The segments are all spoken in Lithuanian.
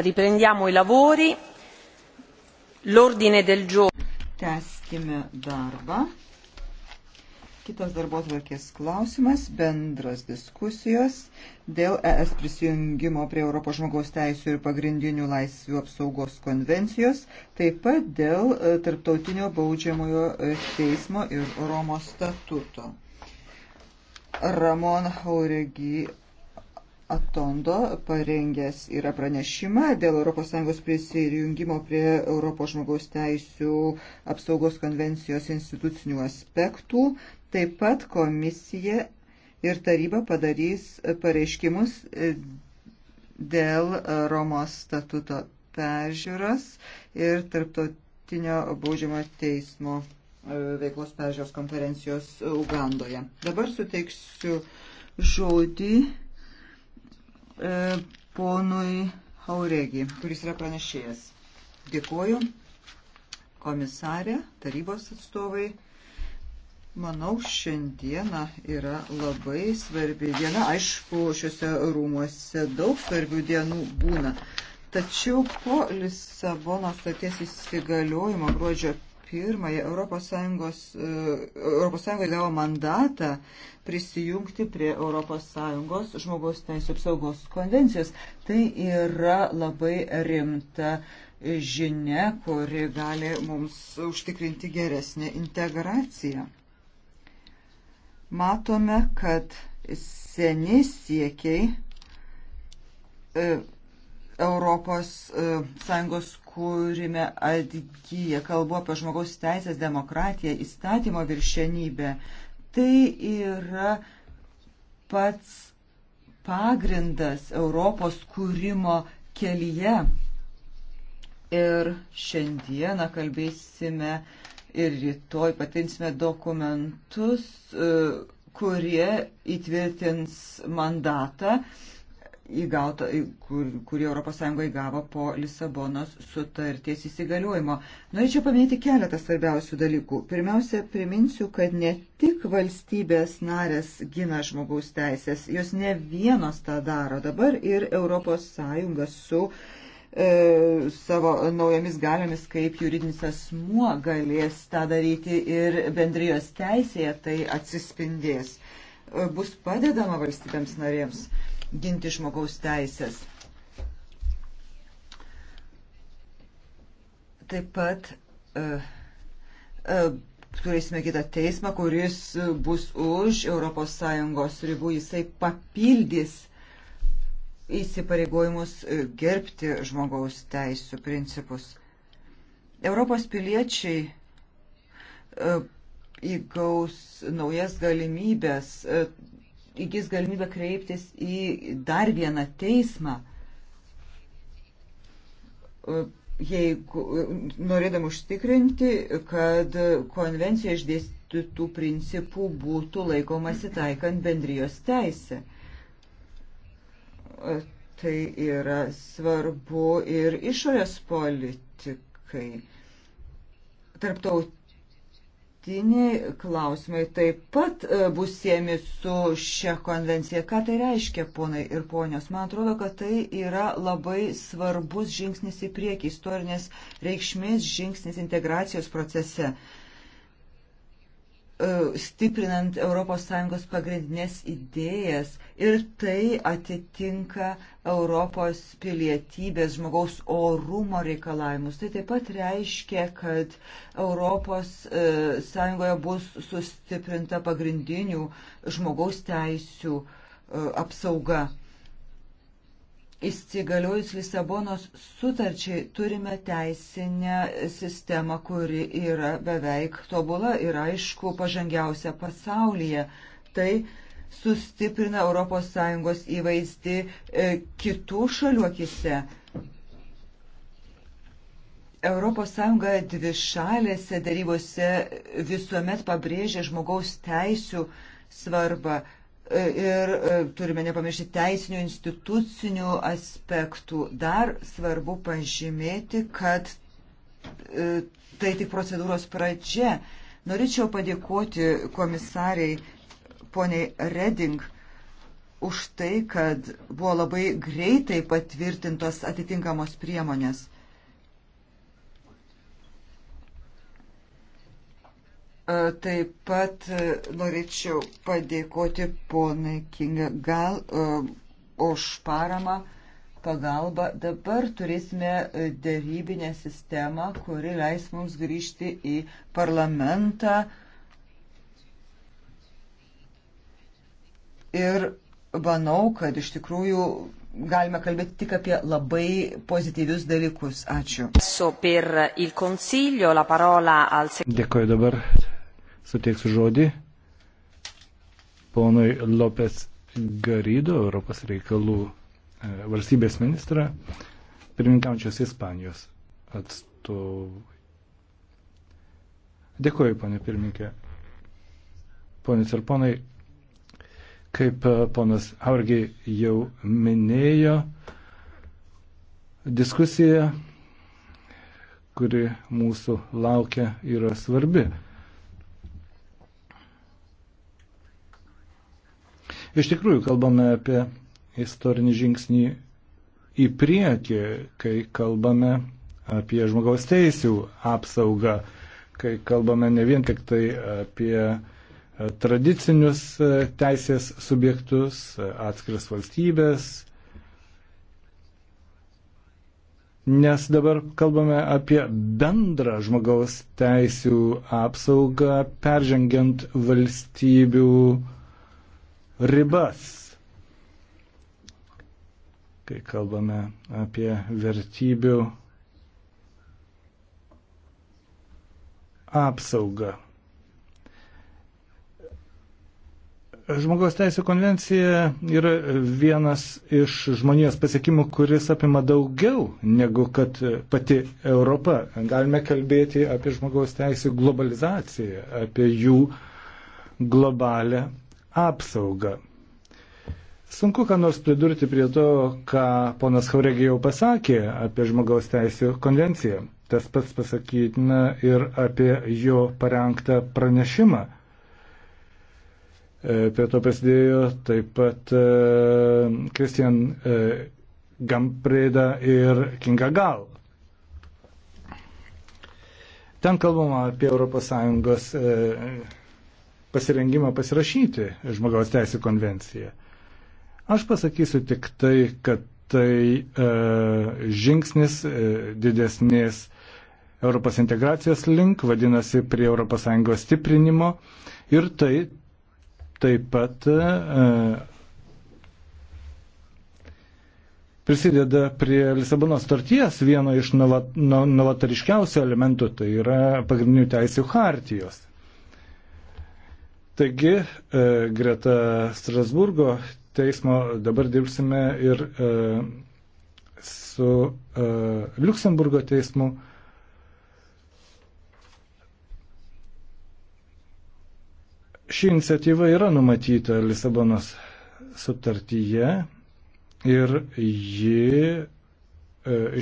Riprendiamo i lavori. L'ordine del giorno. Teskime darbą. Kitas darbos varkės klausimas - bendras diskusijos dėl ES prisijungimo prie Europos žmogaus teisų ir pagrindinių laisvių apsaugos konvencijos, taip pat dėl e, tarptautinio baudžiamojo e, teismo ir Romos statuto. Ramon Hauregi Atondo parengęs yra pranešimą dėl ES prisijungimo prie Europos žmogaus teisų apsaugos konvencijos institucinių aspektų. Taip pat komisija ir taryba padarys pareiškimus dėl Romos statuto peržiūros ir tarptautinio baudžiamo teismo e, veiklos peržiūros konferencijos Ugandoje. Dabar suteiksiu žodį e, ponui Hauregi, kuris yra pranešėjas. Dėkuoju komisarė, tarybos atstovai. Manau, šiandiena yra labai svarbi diena. Aišku, šiuose rūmuose daug svarbių dienų būna. Tačiau po Lisabono stoties įsigaliojimo gruodžio pirmąją ES, ES gavo mandatą prisijungti prie ES žmogaus teisų apsaugos konvencijos. Tai yra labai rimta žinia, kuri gali mums užtikrinti geresnę integraciją. Matome, kad seni siekiai e, ES e, kūrime atgyja. Kalbu apie žmogaus teisės, demokratiją, įstatymo viršenybę. Tai yra pats pagrindas Europos kūrimo kelyje. Ir šiandieną kalbėsime ir rytoj patinsime dokumentus, e, kurie įtvirtins mandatą įgauto, kur, kurį ES įgavo po Lisabonos sutarties įsigaliojimo. Norėčiau paminėti keletą svarbiausių dalykų. Pirmiausia, priminsiu, kad ne tik valstybės narės gina žmogaus teisės, jos ne vienos tą daro dabar ir ES su e, savo naujomis galiomis kaip juridinis asmuo galės tą daryti ir bendrijos teisėje tai atsispindės. E, bus padedama valstybėms narėms. E, ginti žmogaus teisės. Taip pat uh, uh, turėsime kitą teismą, kuris bus už ES ribų, jisai papildys įsipareigojimus gerbti žmogaus teisų principus. Europos piliečiai e, įgaus naujas galimybės įgis galimybę kreiptis į dar vieną teismą, e, jeigu e, norėdam užtikrinti, kad konvencija išdėstytų principų būtų laikomasi taikant bendrijos teisę. E, tai yra svarbu ir išorės politikai. Tarptaut tarptautiniai klausimai taip pat e, bus siemi su šia konvencija. Ką tai reiškia, ponai ir ponios? Man atrodo, kad tai yra labai svarbus žingsnis į priekį, istorinės reikšmės žingsnis integracijos procese. E, stiprinant ES pagrindinės idėjas ir tai atitinka Europos pilietybės žmogaus orumo reikalavimus. Tai taip pat reiškia, kad ES e, bus sustiprinta pagrindinių žmogaus teisių e, apsauga. Įsigaliojus Lisabonos sutarčiai turime teisinę sistemą, kuri yra beveik tobula ir aišku pažangiausia pasaulyje. Tai sustiprina ES įvaizdį e, kitų šalių akise. ES dvišalėse darybose visuomet pabrėžia žmogaus teisų svarbą ir e, turime nepamiršti teisinių institucinių aspektų. Dar svarbu pažymėti, kad e, tai tik procedūros pradžia. Norėčiau padėkoti komisariai poniai Reding už tai, kad buvo labai greitai patvirtintos atitinkamos priemonės. Taip pat e, norėčiau padėkoti ponai Kinga Gal e, už paramą, pagalbą. Dabar turėsime e, dėrybinę sistemą, kuri leis mums grįžti į parlamentą ir manau, kad iš tikrųjų galime kalbėti tik apie labai pozityvius dalykus. Ačiū. Dėkuoju dabar suteiksiu žodį ponui Lopes Garido, Europos reikalų e, valstybės ministrą, pirmininkaujančios Ispanijos atstovui. Dėkuoju, ponė pirmininkė. Ponės ir ponai, kaip e, ponas Aurgi jau minėjo, diskusija, kuri mūsų laukia, yra svarbi. Iš tikrųjų, kalbame apie istorinį žingsnį į priekį, kai kalbame apie žmogaus teisų apsaugą, kai kalbame ne vien tik tai apie tradicinius teisės subjektus, atskiras valstybės, nes dabar kalbame apie bendrą žmogaus teisų apsaugą, peržengiant valstybių ribas, kai kalbame apie vertybių apsaugą. Žmogaus teisų konvencija yra vienas iš žmonijos pasiekimų, kuris apima daugiau negu kad pati Europa. Galime kalbėti apie žmogaus teisų globalizaciją, apie jų globalę apsaugą. Sunku, ką nors pridurti prie to, ką ponas Hauregijau pasakė apie žmogaus teisų konvenciją. Tas pats pasakytina ir apie jo parengtą pranešimą. E, prie to prasidėjo taip pat Kristian e, e, Gampreda ir Kinga Gal. Ten kalbama apie ES pasirengimą pasirašyti žmogaus teisų konvenciją. Aš pasakysiu tik tai, kad tai e, žingsnis e, didesnės Europos integracijos link, vadinasi, prie ES stiprinimo ir tai taip pat e, prisideda prie Lisabonos starties vieno iš novatariškiausių elementų, tai yra pagrindinių teisų hartijos. Taigi, e, greta Strasburgo teismo dabar dirbsime ir e, su e, Luxemburgo teismu. Ši iniciatyva yra numatyta Lisabonos sutartyje ir ji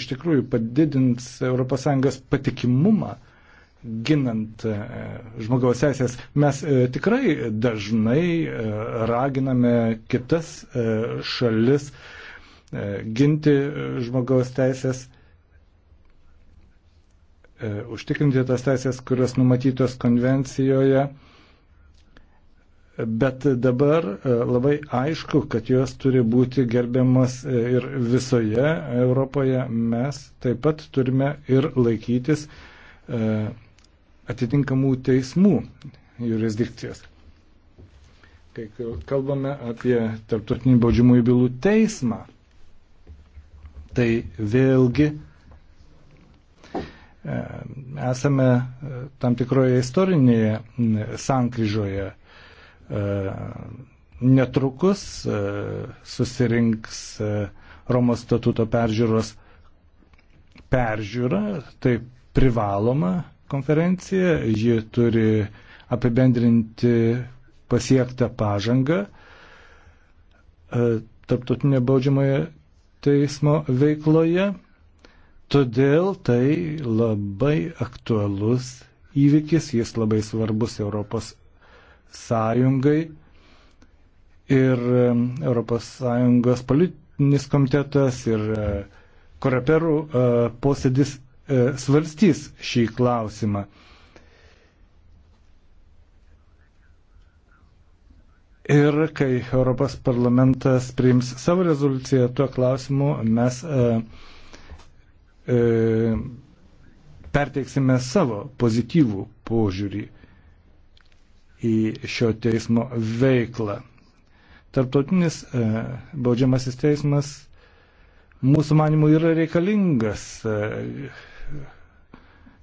iš tikrųjų padidins ES patikimumą ginant e, žmogaus teisės, mes e, tikrai dažnai e, raginame kitas šalis ginti žmogaus teisės, užtikrinti tas teisės, kurios numatytos konvencijoje. Bet dabar labai aišku, kad jos turi būti gerbiamas ir visoje Europoje. Mes taip pat turime ir laikytis atitinkamų teismų jurisdikcijas. Kai kalbame apie tarptautinį baudžiamųjų bylų teismą, tai vėlgi e, esame e, tam tikroje istorinėje sankryžoje. E, netrukus susirinks Romos statuto peržiūros peržiūra, tai privaloma konferencija, ji turi apibendrinti pasiektą pažangą e, tarptautinio baudžiamojo teismo veikloje. Todėl tai labai aktualus įvykis, jis labai svarbus Europos Sąjungai ir e, Europos Sąjungos politinis komitetas ir e, koreperų posėdis E, svarstys šį klausimą. Ir kai Europos parlamentas priims savo rezoliuciją tuo klausimu, mes e, e, perteiksime savo pozityvų požiūrį į šio teismo veiklą. Tarptautinis e, baudžiamasis teismas mūsų manimų yra reikalingas. E,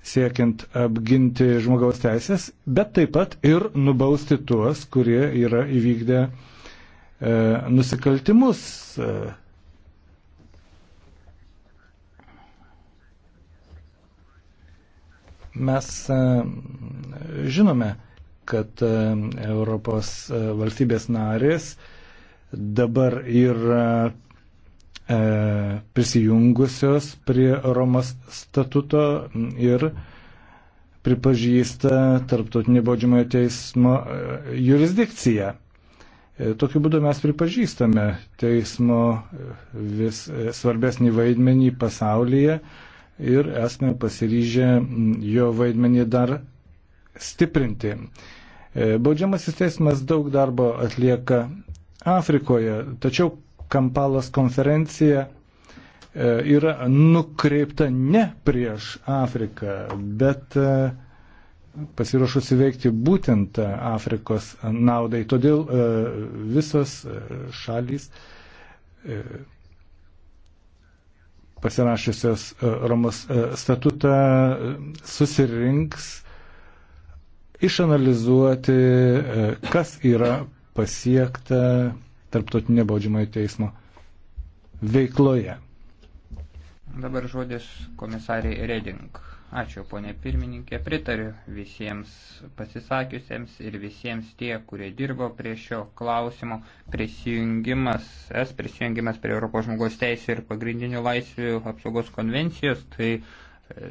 siekiant apginti žmogaus teisės, bet taip pat ir nubausti tuos, kurie yra įvykdę e, nusikaltimus. E. Mes e, žinome, kad e, Europos e, valstybės narės dabar yra E, prisijungusios prie Romos statuto ir pripažįsta tarptautinį baudžiamojo teismo e, jurisdikciją. E, tokiu būdu mes pripažįstame teismo vis svarbesnį vaidmenį pasaulyje ir esame pasiryžę jo vaidmenį dar stiprinti. Baudžiamasis teismas daug darbo atlieka Afrikoje, tačiau Kampalas konferencija e, yra nukreipta ne prieš Afriką, bet e, pasiruošusi veikti būtent Afrikos naudai. Todėl e, visos šalys pasirašysios Romos statutą susirinks išanalizuoti, kas yra pasiekta tarptautinio baudžiamojo teismo veikloje. Dabar žodis komisariai Reding. Ačiū, ponė pirmininkė. Pritariu visiems pasisakiusiems ir visiems tie, kurie dirbo prie šio klausimo. Prisijungimas, es prisijungimas prie Europos žmogaus teisų ir pagrindinių laisvių apsaugos konvencijos, tai e,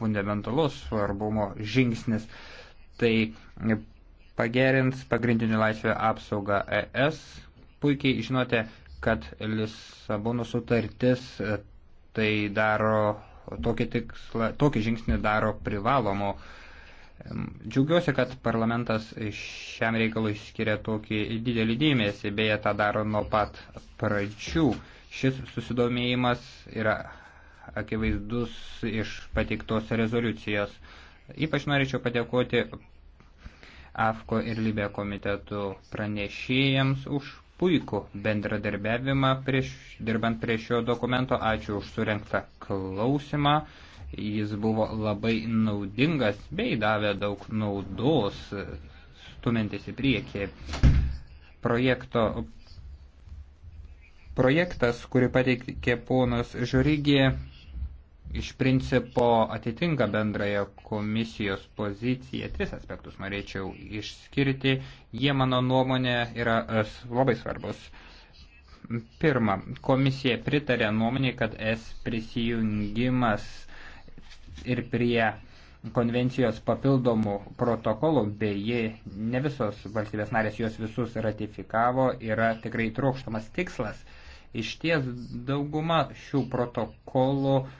fundamentalus svarbumo žingsnis. Tai pagerins pagrindinių laisvių apsaugą ES, puikiai žinote, kad Lisabono sutartis e, tai daro tokį, tikslą, tokį žingsnį daro privalomo. Džiaugiuosi, kad parlamentas šiam reikalui skiria tokį didelį dėmesį, beje, tą daro nuo pat pradžių. Šis susidomėjimas yra akivaizdus iš pateiktos rezoliucijos. Ypač norėčiau padėkoti AFKO ir Libė komitetų pranešėjams už puikų bendradarbiavimą prieš, dirbant prie šio dokumento. Ačiū už surinktą klausimą. Jis buvo labai naudingas bei davė daug naudos stumintis į priekį. Projekto, projektas, kurį pateikė ponas Žiūrigė, iš principo atitinka bendrąją komisijos poziciją. Tris aspektus norėčiau išskirti. Jie, mano nuomonė, yra e, labai svarbus. Pirma, komisija pritarė nuomonė, kad es prisijungimas ir prie konvencijos papildomų protokolų, beje, ne visos valstybės narės juos visus ratifikavo, yra tikrai trokštamas tikslas. Iš ties dauguma šių protokolų uh,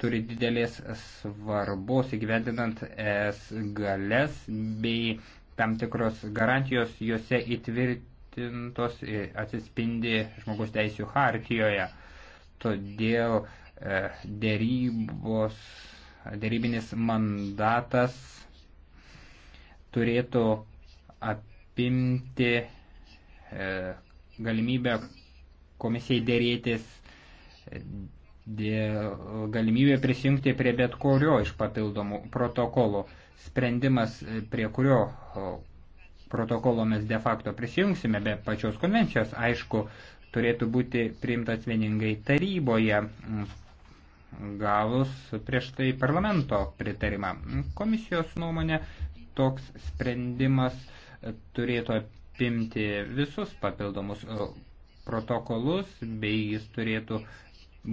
turi didelės svarbos įgyvendinant es galės bei tam tikros garantijos juose įtvirtintos atsispindi žmogus teisų hartijoje. Todėl e, dėrybos, dėrybinis mandatas turėtų apimti e, galimybę komisijai dėrėtis galimybė prisijungti prie bet kurio iš papildomų protokolų. Sprendimas, e, prie kurio protokolo mes de facto prisijungsime be pačios konvencijos, aišku, turėtų būti priimtas vieningai taryboje, gavus prieš tai parlamento pritarimą. Komisijos nuomonė toks sprendimas e, turėtų apimti visus papildomus protokolus, bei jis turėtų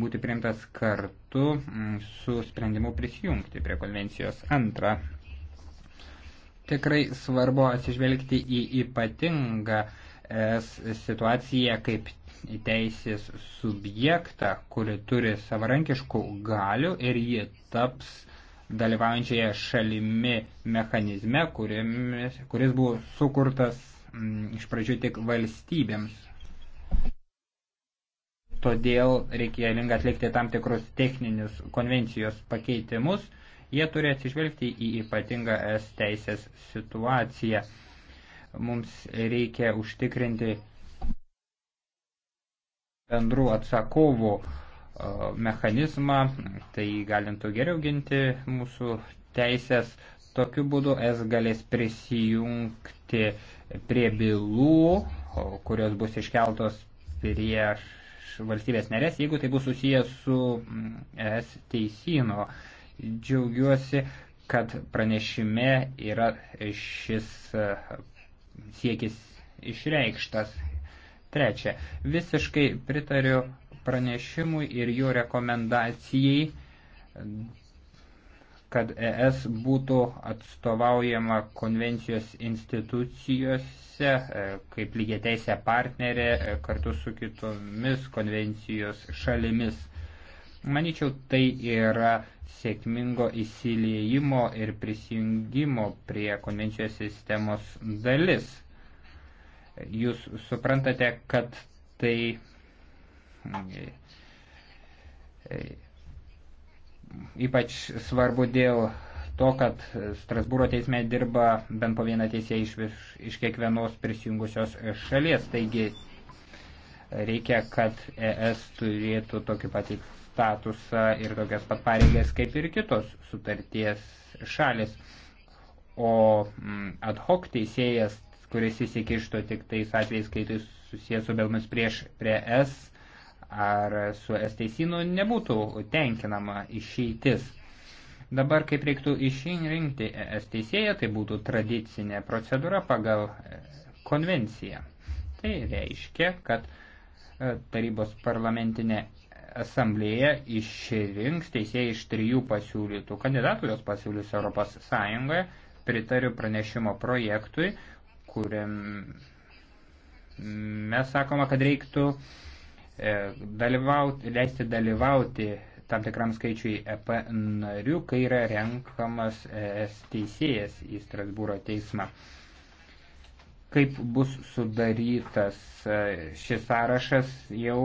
būti priimtas kartu mm, su sprendimu prisijungti prie konvencijos antrą. Tikrai svarbu atsižvelgti į ypatingą es situaciją kaip teisės subjektą, kuri turi savarankiškų galių ir ji taps dalyvaujančioje šalimi mechanizme, kurimis, kuris buvo sukurtas m, mm, iš pradžių tik valstybėms todėl reikalinga atlikti tam tikrus techninius konvencijos pakeitimus. Jie turi atsižvelgti į ypatingą es teisės situaciją. Mums reikia užtikrinti bendrų atsakovų e, mechanizmą, tai galintų geriau ginti mūsų teisės. Tokiu būdu es galės prisijungti prie bylų, kurios bus iškeltos prieš valstybės narės, jeigu tai bus susijęs su mm, es teisino. Džiaugiuosi, kad pranešime yra šis e, siekis išreikštas. Trečia, visiškai pritariu pranešimui ir jo rekomendacijai kad ES būtų atstovaujama konvencijos institucijose e, kaip lygiateisė partnerė e, kartu su kitomis konvencijos šalimis. Maničiau, tai yra sėkmingo įsiliejimo ir prisijungimo prie konvencijos sistemos dalis. Jūs suprantate, kad tai mm, e, ypač svarbu dėl to, kad Strasbūro teisme dirba bent po vieną teisėją iš, virš, iš kiekvienos prisijungusios šalies. Taigi reikia, kad ES turėtų tokį patį statusą ir tokias pat pareigas kaip ir kitos sutarties šalis. O mm, ad hoc teisėjas, kuris įsikišto tik tais atvejais, kai tai susijęs su belmis prieš prie ES, ar su esteisynu nebūtų tenkinama išeitis. Dabar kaip reiktų išrinkti ES teisėją, tai būtų tradicinė procedūra pagal e, konvenciją. Tai reiškia, kad e, tarybos parlamentinė asamblėja išrinks teisėją iš trijų pasiūlytų kandidatų, jos pasiūlys Europos Sąjungoje, pritariu pranešimo projektui, kuriam mes sakoma, kad reiktų uh, E, dalyvauti, leisti dalyvauti tam tikram skaičiui EP narių, kai yra renkamas ES teisėjas į Strasbūro teismą. Kaip bus sudarytas e, šis sąrašas jau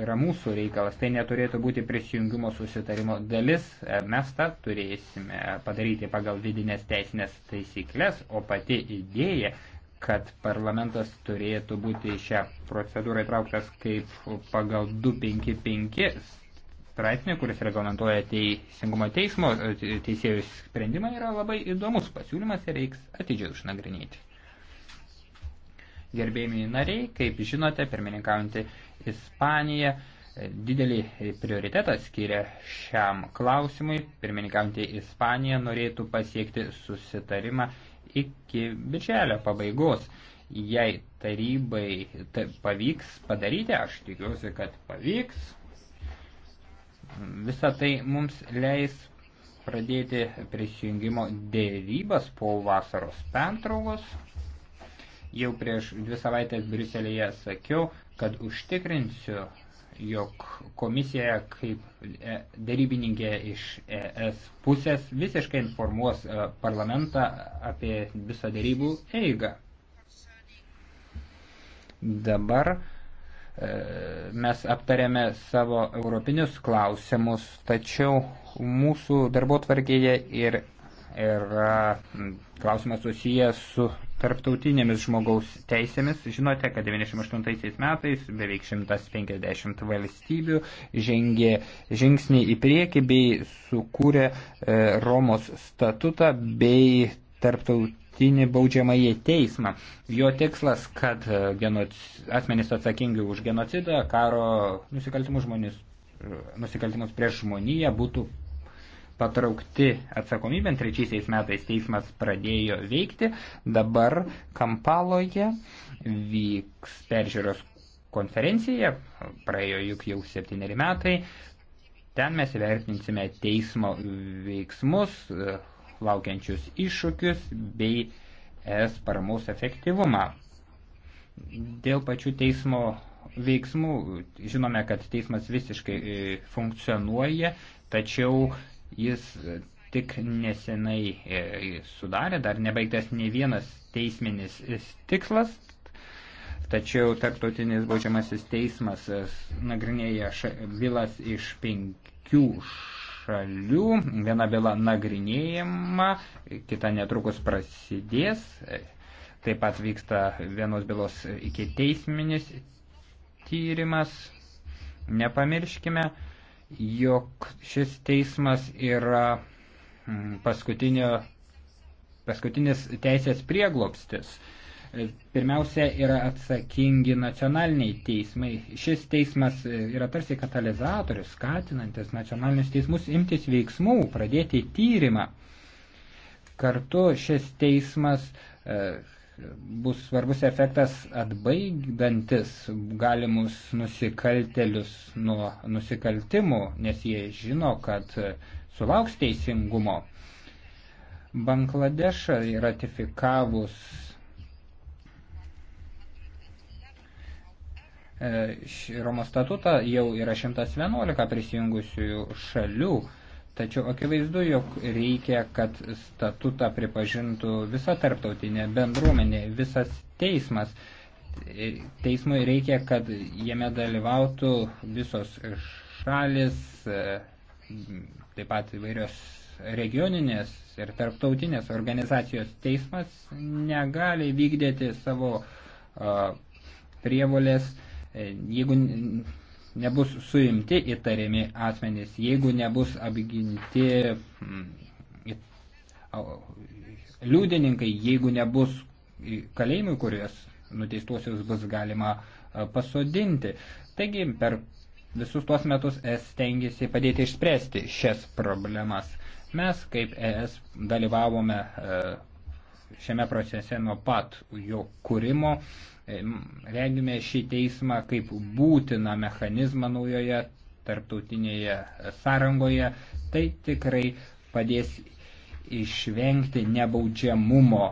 yra mūsų reikalas. Tai neturėtų būti prisijungimo susitarimo dalis. E, mes tą turėsime padaryti pagal vidinės teisinės taisyklės, o pati idėja kad parlamentas turėtų būti šią procedūrą įtrauktas kaip pagal 255 straipsnį, kuris reglamentuoja teisingumo teismo teisėjų sprendimą, yra labai įdomus pasiūlymas ir reiks atidžiai išnagrinėti. Gerbėjimi nariai, kaip žinote, pirmininkaujantį Ispaniją didelį prioritetą skiria šiam klausimui. Pirmininkaujantį Ispaniją norėtų pasiekti susitarimą iki birželio pabaigos. Jei tarybai ta, pavyks padaryti, aš tikiuosi, kad pavyks, visą tai mums leis pradėti prisijungimo dėrybas po vasaros pentraugos. Jau prieš dvi savaitės Briuselėje sakiau, kad užtikrinsiu jog komisija kaip e, darybininkė iš ES pusės visiškai informuos e, parlamentą apie visą darybų eigą. Dabar e, mes aptarėme savo europinius klausimus, tačiau mūsų darbo tvarkėje ir yra klausimas susijęs su tarptautinėmis žmogaus teisėmis. Žinote, kad 98 metais beveik 150 valstybių žengė žingsnį į priekį bei sukūrė e, Romos statutą bei tarptautinį baudžiamąjį teismą. Jo tikslas, kad e, genoc... asmenys atsakingi už genocidą, karo nusikaltimus žmonės e, nusikaltimus prieš žmoniją būtų patraukti atsakomybėn. Trečiaisiais metais teismas pradėjo veikti. Dabar Kampaloje vyks peržiūros konferencija, praėjo juk jau septyneri metai. Ten mes įvertinsime teismo veiksmus, laukiančius iššūkius bei es paramos efektyvumą. Dėl pačių teismo veiksmų žinome, kad teismas visiškai e, funkcionuoja, tačiau Jis tik nesenai e, sudarė, dar nebaigtas ne vienas teisminis tikslas, tačiau tarptautinis baudžiamasis teismas e, nagrinėja bylas iš penkių šalių. Viena byla nagrinėjama, kita netrukus prasidės. Taip pat vyksta vienos bylos iki teisminis tyrimas. Nepamirškime, jog šis teismas yra mm, paskutinis teisės prieglopstis. Pirmiausia, yra atsakingi nacionaliniai teismai. Šis teismas e, yra tarsi katalizatorius, skatinantis nacionalinius teismus imtis veiksmų, pradėti tyrimą. Kartu šis teismas e, bus svarbus efektas atbaidantis galimus nusikaltelius nuo nusikaltimų, nes jie žino, kad sulauks teisingumo. Bangladešą ratifikavus e, Romos statutą jau yra 111 prisijungusių šalių Tačiau akivaizdu, jog reikia, kad statutą pripažintų visa tarptautinė bendruomenė, visas teismas. Teismui reikia, kad jame dalyvautų visos šalis, taip pat įvairios regioninės ir tarptautinės organizacijos. Teismas negali vykdyti savo prievolės, jeigu nebus suimti įtariami asmenys, jeigu nebus apginti mm, liudininkai, jeigu nebus kalėjimų, kuriuos nuteistuosius bus galima pasodinti. Taigi per visus tuos metus es tengiasi padėti išspręsti šias problemas. Mes kaip ES dalyvavome šiame procese nuo pat jo kūrimo regime šį teismą kaip būtiną mechanizmą naujoje tarptautinėje sąrangoje, tai tikrai padės išvengti nebaudžiamumo,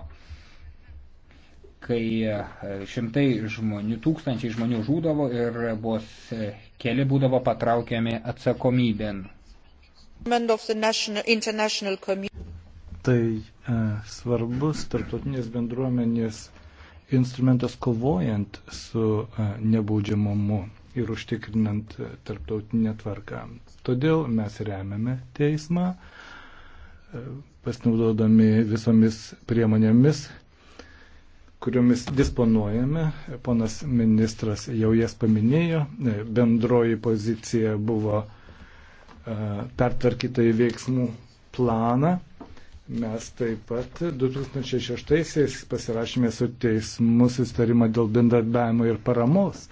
kai e, šimtai žmonių, tūkstančiai žmonių žūdavo ir vos keli būdavo patraukiami atsakomybėn. Tai e, svarbus tarptautinės bendruomenės instrumentas kovojant su nebaudžiamumu ir užtikrinant tarptautinę tvarką. Todėl mes remiame teismą, pasinaudodami visomis priemonėmis, kuriomis disponuojame. Ponas ministras jau jas paminėjo. E, bendroji pozicija buvo pertvarkyta į veiksmų planą Mes taip pat 2006-aisiais pasirašėme su teismu sustarimą dėl bendradarbiavimo ir paramos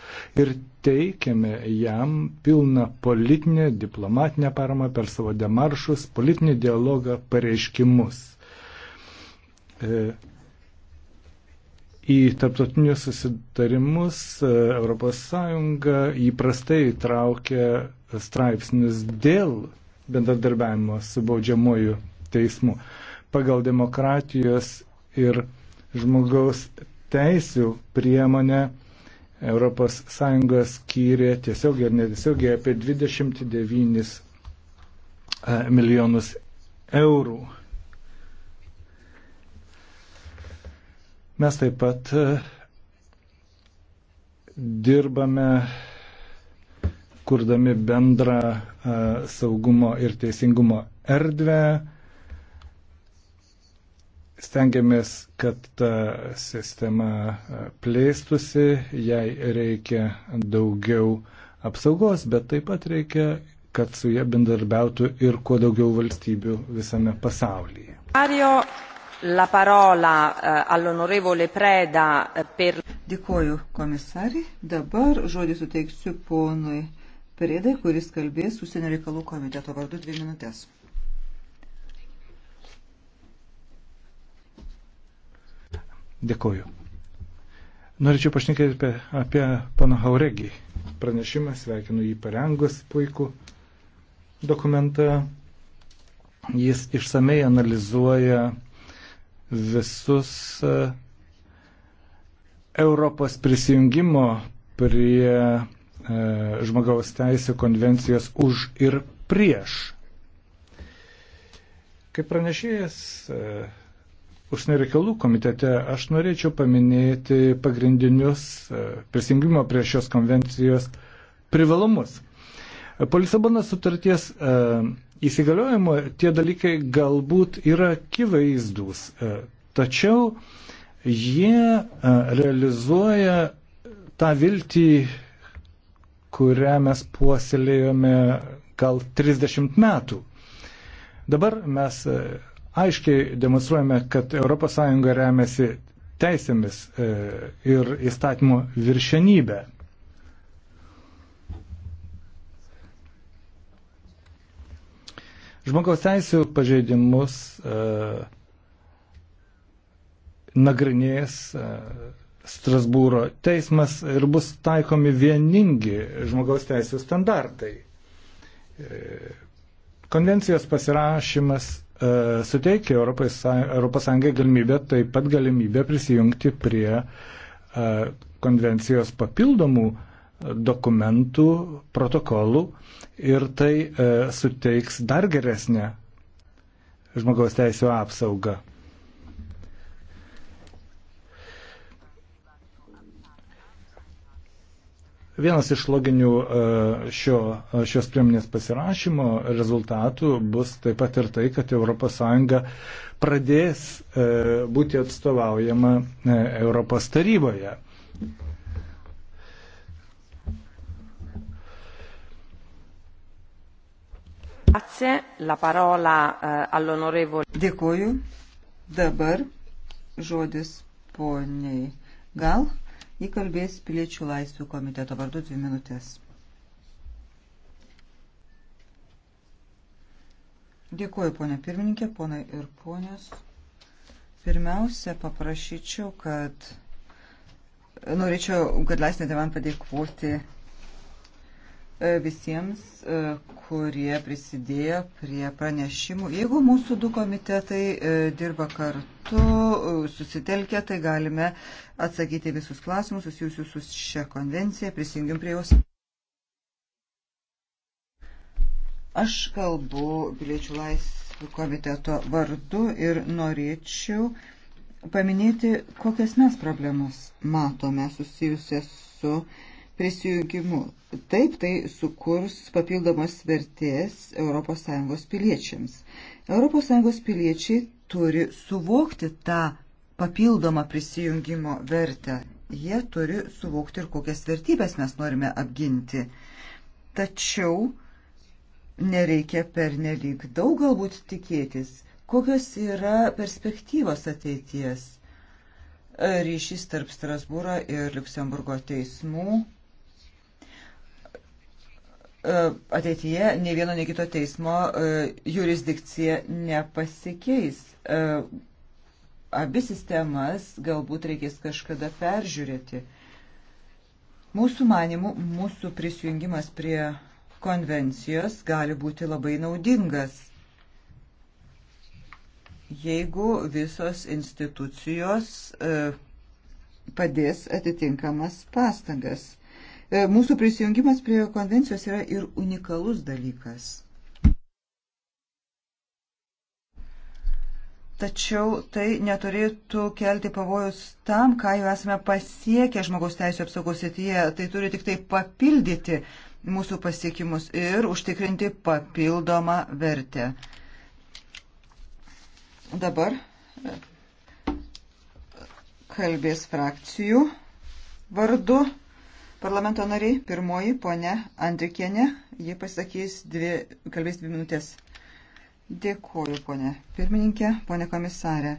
ir teikėme jam pilną politinę, diplomatinę paramą per savo demaršus, politinį dialogą, pareiškimus. E, į tarptautinius susitarimus ES įprastai įtraukia straipsnius dėl bendradarbiavimo su baudžiamuoju teismu pagal demokratijos ir žmogaus teisų priemonę ES skyrė tiesiogiai ir netiesiogiai apie 29 e, milijonus eurų. Mes taip pat e, dirbame kurdami bendrą e, saugumo ir teisingumo erdvę, Stengiamės, kad ta sistema e, plėstusi, jai reikia daugiau apsaugos, bet taip pat reikia, kad su jie bendarbiautų ir kuo daugiau valstybių visame pasaulyje. Mario. La parola e, all'onorevole Preda e, per. Dėkoju komisarį. Dabar žodį suteiksiu ponui Predai, kuris kalbės užsienio reikalų komiteto vardu dvi minutės. Dėkuoju. Norėčiau pašnekėti apie, apie pana Hauregį. Pranešimą sveikinu jį parengus puikų dokumentą. Jis išsamei analizuoja visus e, Europos prisijungimo prie e, žmogaus teisų konvencijos už ir prieš. Kaip pranešėjas e, užsienio reikalų komitete aš norėčiau paminėti pagrindinius e, prisijungimo prie šios konvencijos privalumus. Po Lisabonos sutarties e, įsigaliojimo tie dalykai galbūt yra akivaizdus, e, tačiau jie realizuoja tą viltį, kurią mes puoselėjome gal 30 metų. Dabar mes aiškiai demonstruojame, kad ES remiasi teisėmis e, ir įstatymo viršenybę. Žmogaus teisų pažeidimus e, nagrinės e, Strasbūro teismas ir bus taikomi vieningi žmogaus teisų standartai. E, konvencijos pasirašymas E, suteikia ES galimybę taip pat galimybę prisijungti prie e, konvencijos papildomų e, dokumentų, protokolų ir tai suteiks dar geresnę žmogaus teisų apsaugą. Vienas iš loginių e, šio, e, šios priemonės pasirašymo rezultatų bus taip pat ir tai, kad ES pradės e, būti atstovaujama Europos taryboje. Dėkuoju. Dabar žodis poniai. Gal? Jį kalbės piliečių laisvių komiteto vardu dvi minutės. Dėkuoju, ponė pirmininkė, ponai ir ponios. Pirmiausia, paprašyčiau, kad norėčiau, kad leisnėte man padėkoti E, visiems, e, kurie prisidėjo prie pranešimų. Jeigu mūsų du komitetai e, dirba kartu, susitelkia, tai galime atsakyti visus klausimus susijusius su šia konvencija. Prisijungiam prie jos. Aš kalbu piliečių laisvių komiteto vardu ir norėčiau paminėti, kokias mes problemas matome susijusias su uh, prisijungimu. Taip tai sukurs papildomos vertės ES piliečiams. ES piliečiai turi suvokti tą papildomą prisijungimo vertę. Jie turi suvokti ir kokias vertybės mes norime apginti. Tačiau nereikia pernelyg daug galbūt tikėtis, kokios yra perspektyvos ateities. Ryšys tarp Strasbūro ir Luksemburgo teismų E, ateityje nei vieno, nei kito teismo e, jurisdikcija nepasikeis. E, abi sistemas galbūt reikės kažkada peržiūrėti. Mūsų manimų, mūsų prisijungimas prie konvencijos gali būti labai naudingas, jeigu visos institucijos padės atitinkamas pastangas E, mūsų prisijungimas prie konvencijos yra ir unikalus dalykas. Tačiau tai neturėtų kelti pavojus tam, ką jau esame pasiekę žmogaus teisų apsaugos srityje. Tai turi tik tai papildyti mūsų pasiekimus ir užtikrinti papildomą vertę. Dabar e, kalbės frakcijų vardu. Parlamento nariai, pirmoji ponė Andrikienė, ji pasakys dvi, kalbės dvi minutės. Dėkuoju, ponė pirmininkė, ponė komisarė.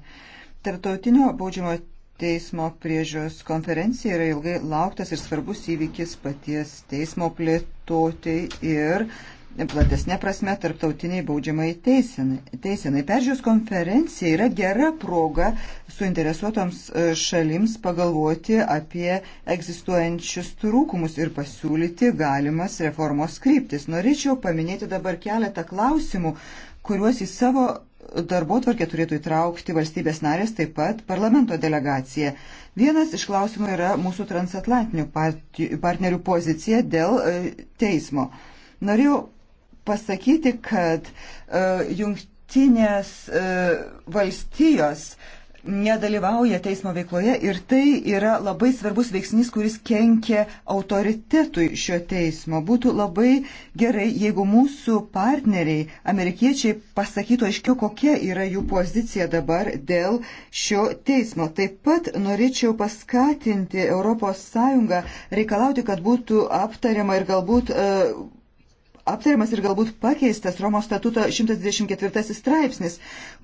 Tartautinio baudžiamo teismo priežios konferencija yra ilgai lauktas ir svarbus įvykis paties teismo plėtotei ir platesnė prasme tarptautiniai baudžiamai teisinai. Peržiūros konferencija yra gera proga suinteresuotoms e, šalims pagalvoti apie egzistuojančius trūkumus ir pasiūlyti galimas reformos kryptis. Norėčiau paminėti dabar keletą klausimų, kuriuos į savo darbo tvarkę turėtų įtraukti valstybės narės, taip pat parlamento delegacija. Vienas iš klausimų yra mūsų transatlantinių partnerių pozicija dėl e, teismo. Norėjau pasakyti, kad e, jungtinės e, valstijos nedalyvauja teismo veikloje ir tai yra labai svarbus veiksnys, kuris kenkia autoritetui šio teismo. Būtų labai gerai, jeigu mūsų partneriai, amerikiečiai, pasakytų aiškiau, kokia yra jų pozicija dabar dėl šio teismo. Taip pat norėčiau paskatinti ES reikalauti, kad būtų aptariama ir galbūt. Uh, aptariamas ir galbūt pakeistas Romos statuto 124 straipsnis,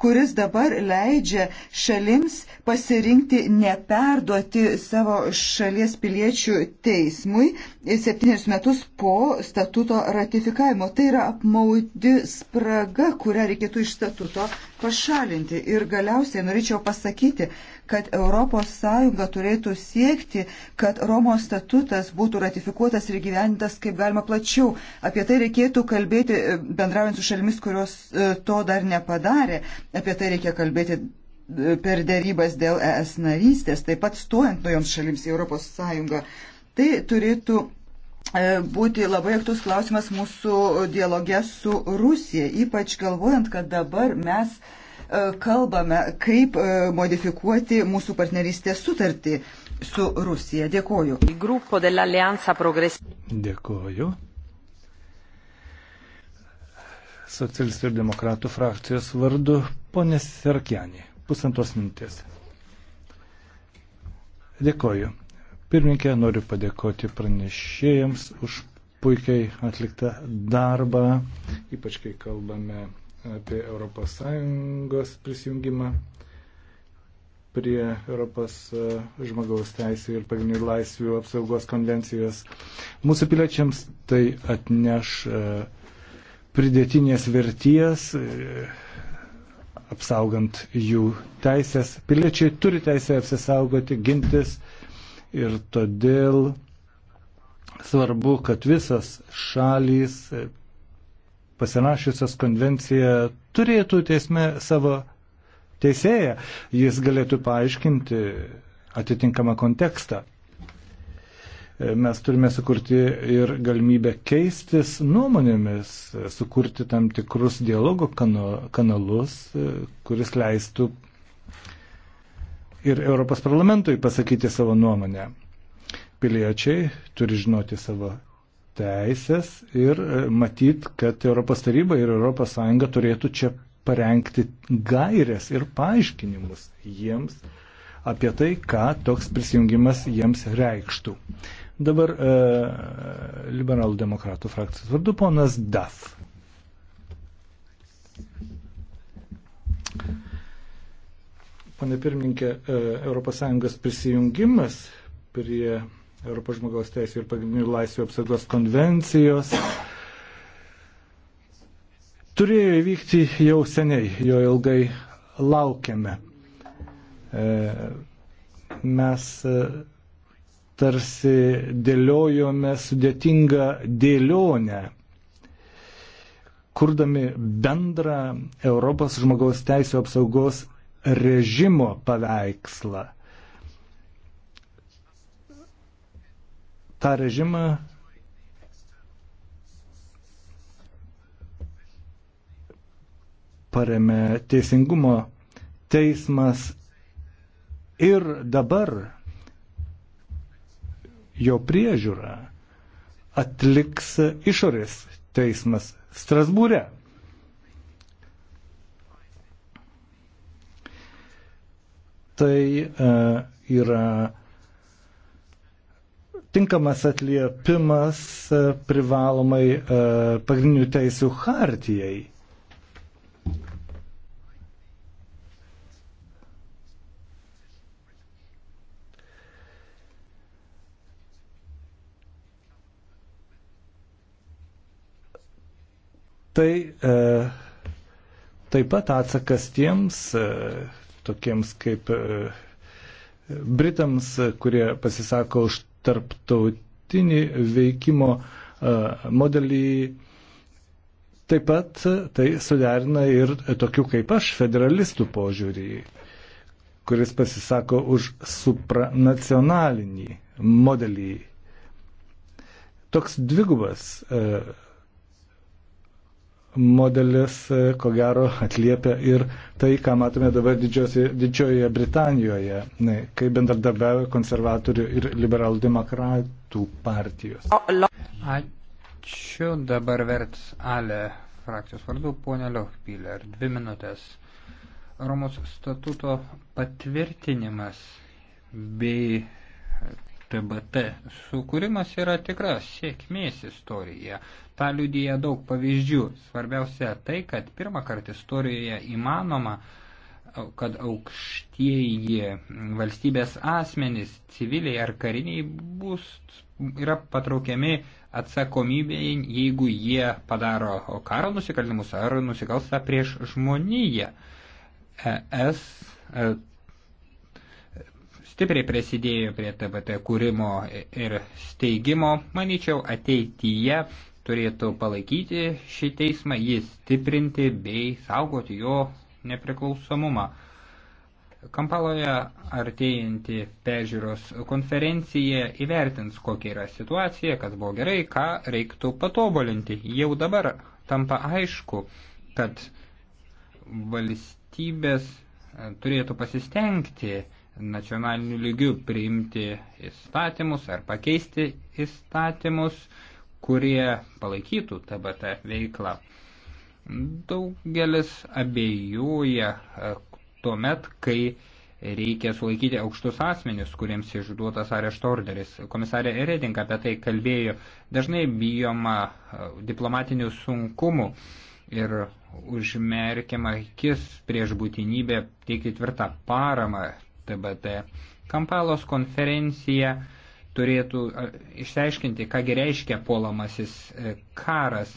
kuris dabar leidžia šalims pasirinkti neperduoti savo šalies piliečių teismui septynerius metus po statuto ratifikavimo. Tai yra apmaudi spraga, kurią reikėtų iš statuto pašalinti. Ir galiausiai norėčiau pasakyti, kad ES turėtų siekti, kad Romos statutas būtų ratifikuotas ir gyventas kaip galima plačiau. Apie tai reikėtų kalbėti e, bendraujant su šalimis, kurios e, to dar nepadarė. Apie tai reikia kalbėti e, per dėrybas dėl ES narystės, taip pat stojant naujoms šalims į ES. Tai turėtų būti labai aktus klausimas mūsų dialogė su Rusija, ypač galvojant, kad dabar mes uh, E, kalbame, kaip e, modifikuoti mūsų partnerystės sutartį su Rusija. Dėkoju. Dėkoju. Socialistų ir demokratų frakcijos vardu ponė Serkianė. Pusantos minutės. Dėkoju. Pirminkė, noriu padėkoti pranešėjams už puikiai atliktą darbą, ypač kai kalbame apie ES prisijungimą prie Europos e, žmogaus teisų ir pagrindinių laisvių apsaugos konvencijos. Mūsų piliečiams tai atneš e, pridėtinės verties, e, apsaugant jų teisės. Piliečiai turi teisę apsisaugoti, gintis ir todėl svarbu, kad visas šalys pasirašiusios konvenciją turėtų teisme savo teisėją. Jis galėtų paaiškinti atitinkamą kontekstą. E, mes turime sukurti ir galimybę keistis nuomonėmis, e, sukurti tam tikrus dialogo kanalus, e, kuris leistų ir Europos parlamentui pasakyti savo nuomonę piliečiai turi žinoti savo teisės ir e, matyt, kad Europos taryba ir Europos Sąjunga turėtų čia parengti gairias ir paaiškinimus jiems apie tai, ką toks prisijungimas jiems reikštų. Dabar e, liberalų demokratų frakcijos vardu ponas Daf. Pane pirmininkė, ES prisijungimas prie Europos žmogaus teisų ir pagrindinių laisvių apsaugos konvencijos turėjo įvykti jau seniai, jo ilgai laukiame. E, mes e, tarsi dėliojome sudėtingą dėlionę, kurdami bendrą Europos žmogaus teisų apsaugos režimo paveikslą. tą režimą paremė teisingumo teismas ir dabar jo priežiūrą atliks išorės teismas Strasbūre. Tai e, yra tinkamas atliepimas e, privalomai e, pagrindinių teisių hartijai. Tai e, taip pat atsakas tiems, e, tokiems kaip e, Britams, kurie pasisako už tarptautinį veikimo e, modelį. Taip pat tai suderina ir tokių kaip aš federalistų požiūrį, kuris pasisako už supranacionalinį modelį. Toks dvigubas e, modelis, e, ko gero, atliepia ir tai, ką matome dabar Didžiojoje Britanijoje, kai bendradarbiavo konservatorių ir liberalų demokratų partijos. Ačiū dabar verts Ale frakcijos vardu, ponė Liochpiler, dvi minutės. Romos statuto patvirtinimas bei TBT sukūrimas yra tikra sėkmės istorija. Ta liudyja daug pavyzdžių. Svarbiausia tai, kad pirmą kartą istorijoje įmanoma, kad aukštieji valstybės asmenys, civiliai ar kariniai bus, yra patraukiami atsakomybėje, jeigu jie padaro karo nusikaltimus ar nusikalsta prieš žmoniją. ES e, stipriai prisidėjo prie TBT kūrimo ir steigimo. Manyčiau, ateityje turėtų palaikyti šį teismą, jį stiprinti bei saugoti jo nepriklausomumą. Kampaloje artėjanti peržiūros konferencija įvertins, kokia yra situacija, kas buvo gerai, ką reiktų patobulinti. Jau dabar tampa aišku, kad valstybės e, turėtų pasistengti nacionaliniu lygiu priimti įstatymus ar pakeisti įstatymus, kurie palaikytų TBT veiklą. Daugelis abejoja e, tuo met, kai reikia sulaikyti aukštus asmenius, kuriems išduotas arešto orderis. Komisarė Reding apie tai kalbėjo. Dažnai bijoma e, diplomatinių sunkumų ir užmerkiama akis prieš būtinybę teikti tvirtą paramą TBT. Kampalos konferencija uh, turėtų išsiaiškinti, kągi reiškia puolamasis e, karas.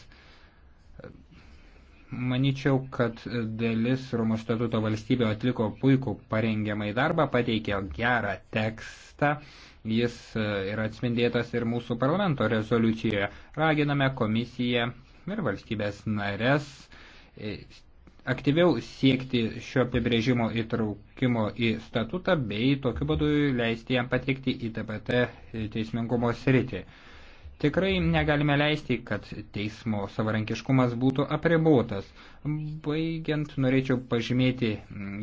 Maničiau, kad dalis Romos statuto valstybė atliko puikų parengiamai darbą, pateikė gerą tekstą, jis e, yra atspindėtas ir mūsų parlamento rezoliucijoje. Raginame komisiją ir valstybės narės e, aktyviau siekti šio apibrėžimo įtraukimo į statutą bei tokiu būdu leisti jam patekti į TPT teismingumo sritį. Tikrai negalime leisti, kad teismo savarankiškumas būtų apribotas. Baigiant, norėčiau pažymėti,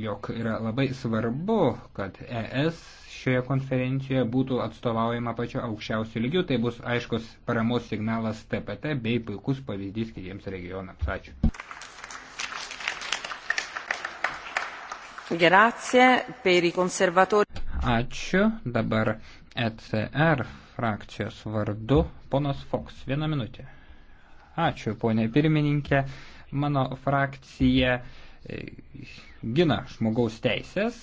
jog yra labai svarbu, kad ES šioje konferencijoje būtų atstovaujama pačiu aukščiausiu lygiu. Tai bus aiškus paramos signalas TPT bei puikus pavyzdys kitiems regionams. Ačiū. Grazie per i konservatori. Ačiū. Dabar ECR frakcijos vardu ponas Fox. Vieną minutę. Ačiū, ponė pirmininkė. Mano frakcija e, gina žmogaus teisės,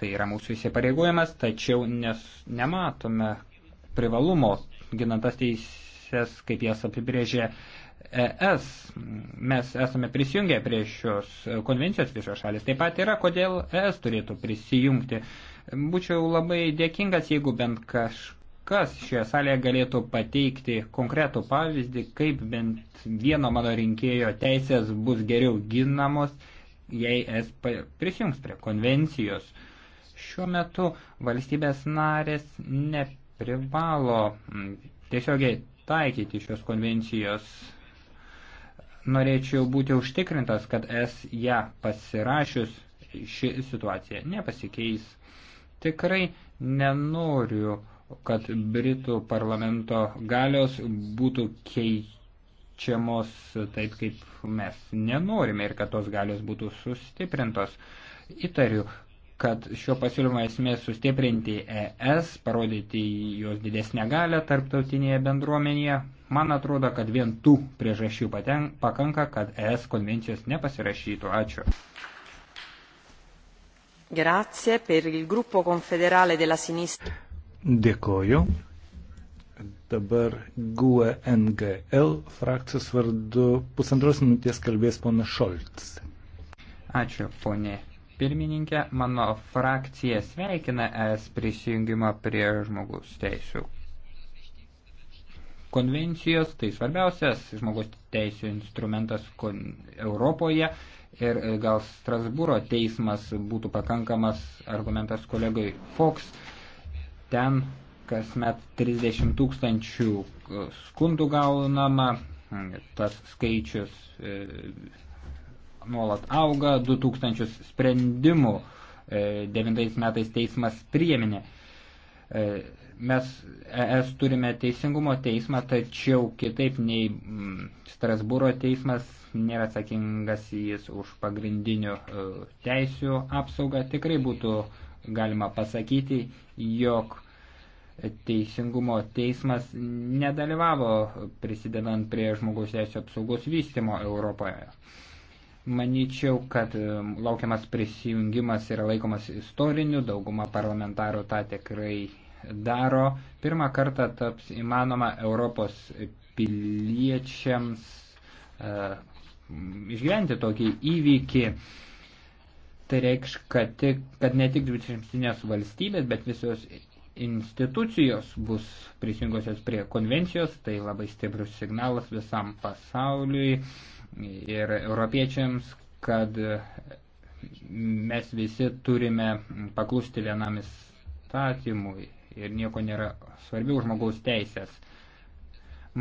tai yra mūsų įsipareigojimas, tačiau nes, nematome privalumo ginantas teisės, kaip jas apibrėžė ES. Mes esame prisijungę prie šios konvencijos visos šalis. Taip pat yra, kodėl ES turėtų prisijungti. Būčiau labai dėkingas, jeigu bent kažkas šioje salėje galėtų pateikti konkretų pavyzdį, kaip bent vieno mano rinkėjo teisės bus geriau ginamos, jei ES prisijungs prie konvencijos. Šiuo metu valstybės narės neprivalo tiesiogiai taikyti šios konvencijos norėčiau būti užtikrintas, kad es ją pasirašius ši situacija nepasikeis. Tikrai nenoriu, kad Britų parlamento galios būtų keičiamos taip, kaip mes nenorime ir kad tos galios būtų sustiprintos. Įtariu, kad šio pasiūlymo esmė sustiprinti ES, parodyti jos didesnę galę tarptautinėje bendruomenėje, Man atrodo, kad vien tų priežasčių paten, pakanka, kad ES konvencijos nepasirašytų. Ačiū. Grazie per il gruppo confederale della sinistra. Dėkoju. Dabar GUE NGL frakcijos vardu pusantros minutės kalbės ponas Šolts. Ačiū, ponė pirmininkė. Mano frakcija sveikina es prisijungimą prie žmogus teisų konvencijos, tai svarbiausias žmogaus teisų instrumentas Europoje ir e, gal Strasbūro teismas būtų pakankamas argumentas kolegai Fox. Ten kasmet 30 tūkstančių e, skundų gaunama, tas skaičius e, nuolat auga, 2 tūkstančius sprendimų 9 metais teismas prieminė mes ES turime teisingumo teismą, tačiau kitaip nei mm, Strasbūro teismas nėra atsakingas jis už pagrindinių e, teisių apsaugą. Tikrai būtų galima pasakyti, jog teisingumo teismas nedalyvavo prisidedant prie žmogaus teisų apsaugos vystimo Europoje. Manyčiau, kad e, laukiamas prisijungimas yra laikomas istoriniu, dauguma parlamentarų tą tikrai daro, pirmą kartą taps įmanoma Europos piliečiams uh, išgyventi tokį įvykį. Tai reikš, kad, tik, kad ne tik 27 valstybės, bet visos institucijos bus prisijungusios prie konvencijos, tai labai stiprus signalas visam pasauliui ir europiečiams, kad mes visi turime paklusti vienam įstatymui ir nieko nėra svarbiau žmogaus teisės.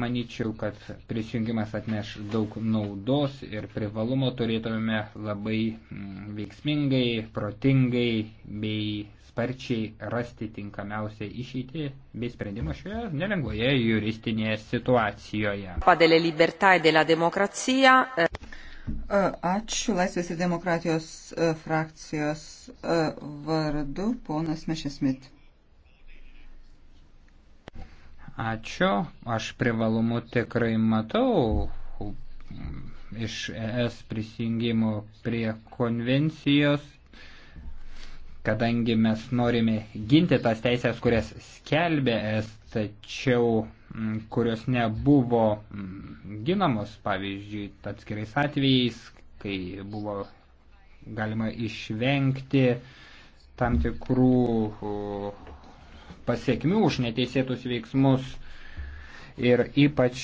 Maničiau, kad prisijungimas atneš daug naudos ir privalumo turėtumėme labai mm, veiksmingai, protingai bei sparčiai rasti tinkamiausią išeitį bei sprendimą šioje nelengvoje juristinėje situacijoje. Padėlė libertà e della democrazia. Eh, e, ačiū Laisvės ir demokratijos eh, frakcijos eh, vardu, ponas Mešesmit. Ačiū. Aš privalumų tikrai matau iš ES prisijungimo prie konvencijos, kadangi mes norime ginti tas teisės, kurias skelbė ES, tačiau kurios nebuvo ginamos, pavyzdžiui, atskirais atvejais, kai buvo galima išvengti tam tikrų pasiekmių už neteisėtus veiksmus. Ir ypač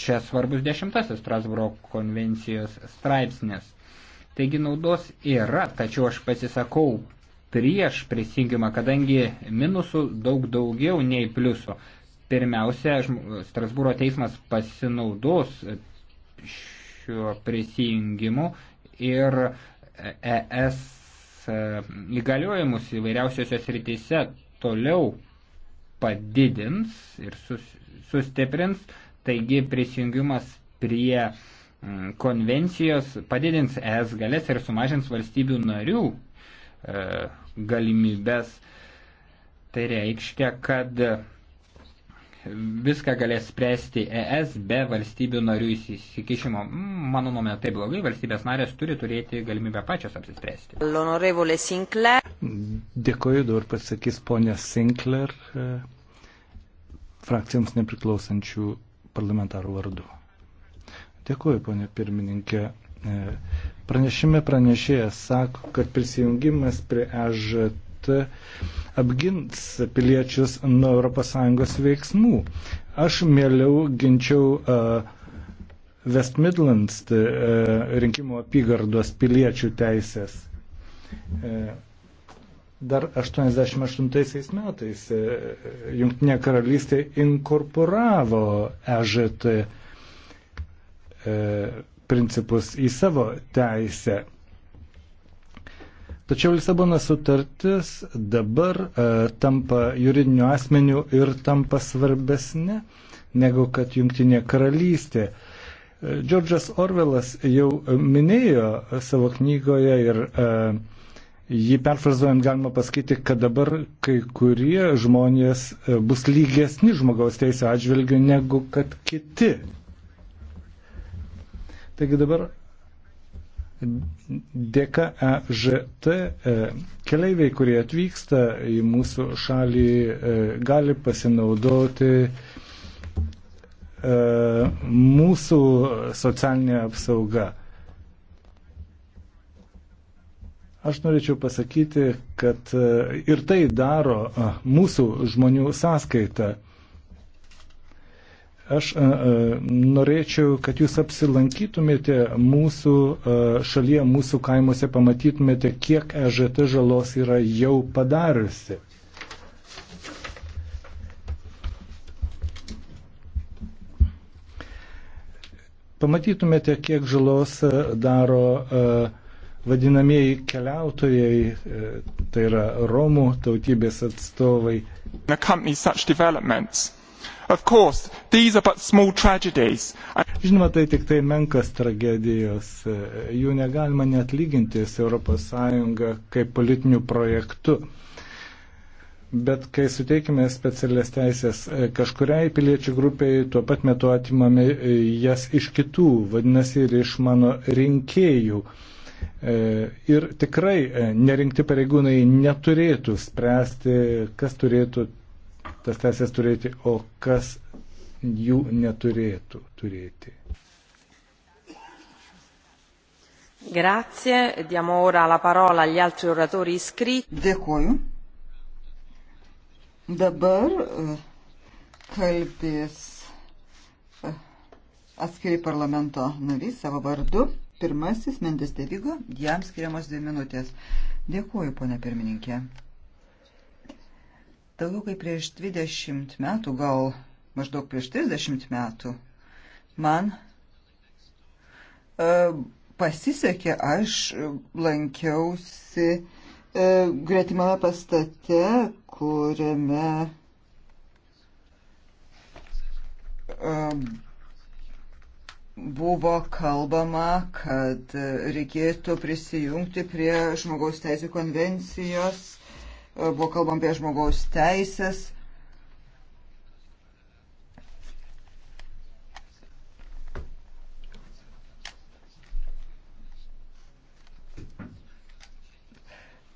čia svarbus dešimtasis Strasbūro konvencijos straipsnis. Taigi naudos yra, tačiau aš pasisakau prieš prisijungimą, kadangi minusų daug daugiau nei pliusų. Pirmiausia, Strasbūro teismas pasinaudos šiuo prisijungimu ir ES įgaliojimus įvairiausiose srityse toliau padidins ir sus, sustiprins, taigi prisijungimas prie mm, konvencijos padidins ES galės ir sumažins valstybių narių e, galimybės. Tai reiškia, kad viską galės spręsti ES be valstybių narių įsikišimo. Mano nuomonė tai blogai, valstybės narės turi turėti galimybę pačios apsispręsti. L'onorevole Sinclair. Dėkoju, dabar pasakys ponė Sinclair e, frakcijoms nepriklausančių parlamentarų vardu. Dėkoju, ponė pirmininkė. E, pranešime pranešėjas sako, kad prisijungimas prie EŽT apgins piliečius nuo ES veiksmų. Aš mieliau ginčiau uh, West Midlands uh, e, rinkimo apygardos piliečių teisės. Uh, dar 88 metais e, Junktinė karalystė inkorporavo EŽT principus į savo teisę. Tačiau Lisabonas sutartis dabar e, tampa juridiniu asmeniu ir tampa svarbesnė negu kad jungtinė karalystė. E, Džordžas Orvelas jau minėjo savo knygoje ir e, jį perfrazuojant galima pasakyti, kad dabar kai kurie žmonės e, bus lygesni žmogaus teisų atžvilgių negu kad kiti. Taigi dabar dėka EŽT e, keleiviai, kurie atvyksta į mūsų šalį, e, gali pasinaudoti e, mūsų socialinė apsauga. Aš norėčiau pasakyti, kad ir tai daro mūsų žmonių sąskaitą. Aš a, a, norėčiau, kad jūs apsilankytumėte mūsų a, šalyje, mūsų kaimuose, pamatytumėte, kiek EŽT žalos yra jau padariusi. Pamatytumėte, kiek žalos daro a, vadinamieji keliautojai, a, tai yra Romų tautybės atstovai. Course, Žinoma, tai tik tai menkas tragedijos. Jų negalima net lyginti su ES kaip politiniu projektu. Bet kai suteikime specialias teisės e, kažkuriai piliečių grupiai, tuo pat metu atimame e, jas iš kitų, vadinasi, ir iš mano rinkėjų. E, ir tikrai nerinkti pareigūnai neturėtų spręsti, kas turėtų tas teisės turėti, o kas jų neturėtų turėti. Grazie, diamo ora la parola agli altri oratori iscritti. Dėkuoju. Dabar eh, kalbės eh, atskiri parlamento narys savo vardu. Pirmasis Mendes Devigo, jam skiriamos dvi minutės. Dėkuoju, ponia pirmininkė. Daugiau kaip prieš 20 metų, gal maždaug prieš 30 metų, man e, pasisekė, aš lankiausi e, gretimame pastate, kuriame e, buvo kalbama, kad reikėtų prisijungti prie žmogaus teisų konvencijos E, buvo kalbam apie žmogaus teisės.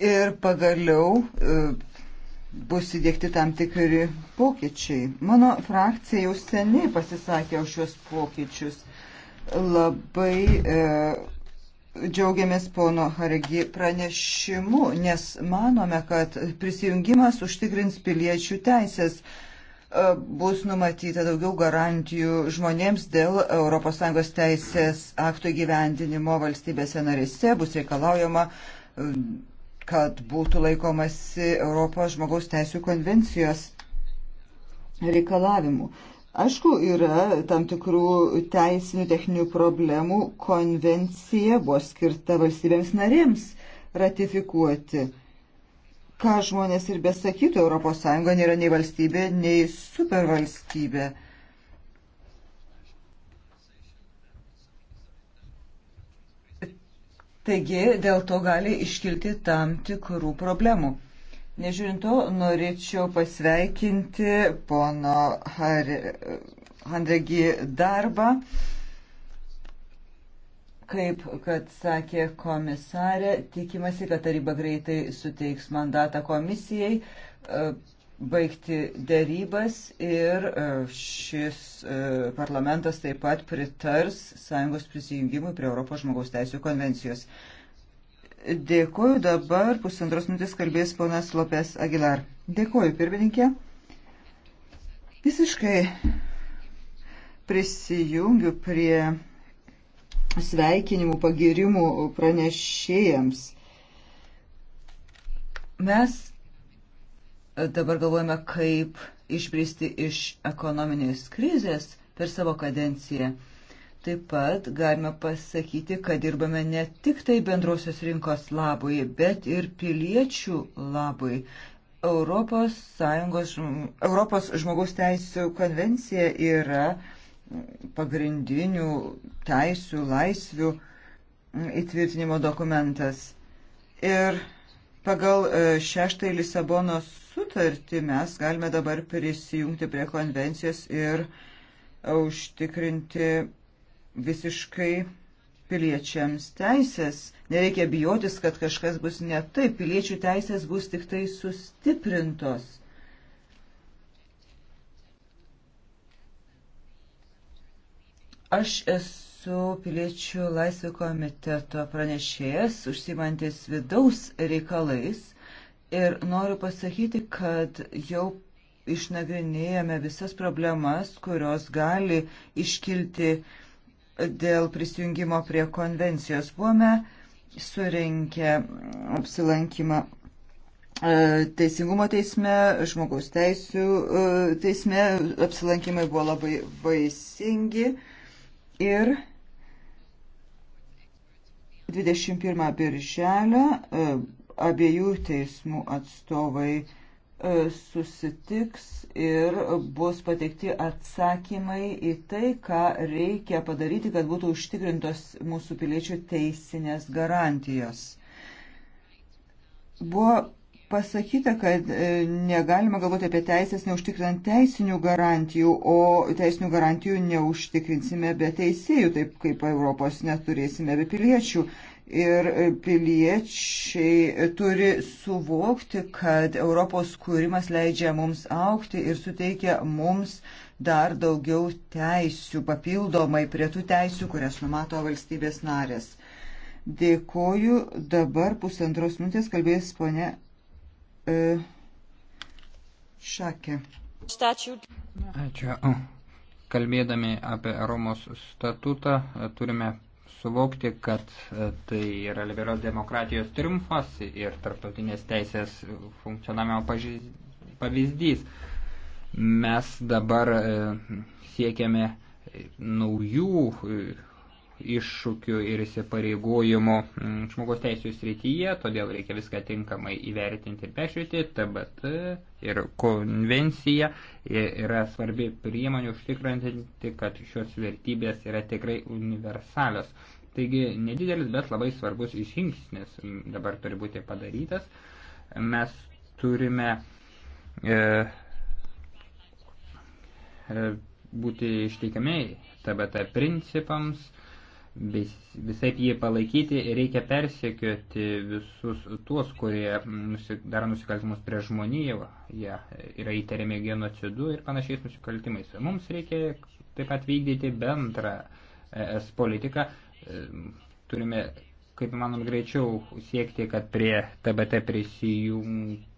Ir pagaliau e, bus įdėkti tam tikri pokyčiai. Mano frakcija jau seniai pasisakė už šios pokyčius. Labai e, džiaugiamės pono Haregi pranešimu, nes manome, kad prisijungimas užtikrins piliečių teisės. E, bus numatyta daugiau garantijų žmonėms dėl ES teisės aktų įgyvendinimo valstybėse narėse. Bus reikalaujama, e, kad būtų laikomasi Europos žmogaus teisų konvencijos reikalavimų. Aišku, yra tam tikrų teisinių techninių problemų. Konvencija buvo skirta valstybėms narėms ratifikuoti. Ką žmonės ir besakytų, ES nėra nei valstybė, nei supervalstybė. Taigi dėl to gali iškilti tam tikrų problemų. Nežiūrint to, norėčiau pasveikinti pono Handregi darbą. Kaip, kad sakė komisarė, tikimasi, kad taryba greitai suteiks mandatą komisijai e, baigti dėrybas ir e, šis e, parlamentas taip pat pritars Sąjungos prisijungimui prie Europos žmogaus teisų konvencijos. Dėkuoju dabar, pusantros minutės kalbės ponas Lopes Agilar. Dėkuoju, pirmininkė. Visiškai prisijungiu prie sveikinimų, pagirimų pranešėjams. Mes dabar galvojame, kaip išbristi iš ekonominės krizės per savo kadenciją. Taip pat galime pasakyti, kad dirbame ne tik tai bendrosios rinkos labui, bet ir piliečių labui. Europos, Sąjungos, Europos žmogaus teisų konvencija yra pagrindinių teisų, laisvių įtvirtinimo dokumentas. Ir pagal e, šeštąjį Lisabonos sutartį mes galime dabar prisijungti prie konvencijos ir užtikrinti visiškai piliečiams teisės. Nereikia bijotis, kad kažkas bus ne taip. Piliečių teisės bus tik tai sustiprintos. Aš esu piliečių laisvių komiteto pranešėjas, užsimantis vidaus reikalais ir noriu pasakyti, kad jau išnagrinėjame visas problemas, kurios gali iškilti uh, dėl prisijungimo prie konvencijos. Buvome surinkę apsilankymą e, Teisingumo teisme, žmogaus teisų e, teisme apsilankymai buvo labai vaisingi ir 21 birželio e, abiejų teismų atstovai E, susitiks ir bus pateikti atsakymai į tai, ką reikia padaryti, kad būtų užtikrintos mūsų piliečių teisinės garantijos. Buvo pasakyta, kad e, negalima galvoti apie teisės neužtikrinant teisinių garantijų, o teisinių garantijų neužtikrinsime be teisėjų, taip kaip Europos neturėsime be piliečių. Ir piliečiai turi suvokti, kad Europos kūrimas leidžia mums aukti ir suteikia mums dar daugiau teisių, papildomai prie tų teisių, kurias numato valstybės narės. Dėkoju, dabar pusantros minutės kalbės ponė e, Šakė. Ačiū. Kalbėdami apie Romos statutą turime suvokti, kad e, tai yra liberalios demokratijos triumfas ir tarptautinės teisės funkcionavimo pavyzdys. Mes dabar e, siekiame e, naujų iššūkių ir įsipareigojimų mm, žmogaus teisų srityje, todėl reikia viską tinkamai įvertinti ir peržiūrėti. TBT ir konvencija yra svarbi priemonė užtikrinti, kad šios vertybės yra tikrai universalios. Taigi nedidelis, bet labai svarbus žingsnis dabar turi būti padarytas. Mes turime e, e, būti išteikiami TBT principams, e, vis, visai jį palaikyti ir reikia persekioti visus tuos, kurie nusik, daro nusikaltimus prie žmoniją, jie yra įtariami genocidu ir panašiais nusikaltimais. Mums reikia taip pat vykdyti bendrą ES politiką. E, turime, kaip manom, greičiau siekti, kad prie TBT prisijungtų,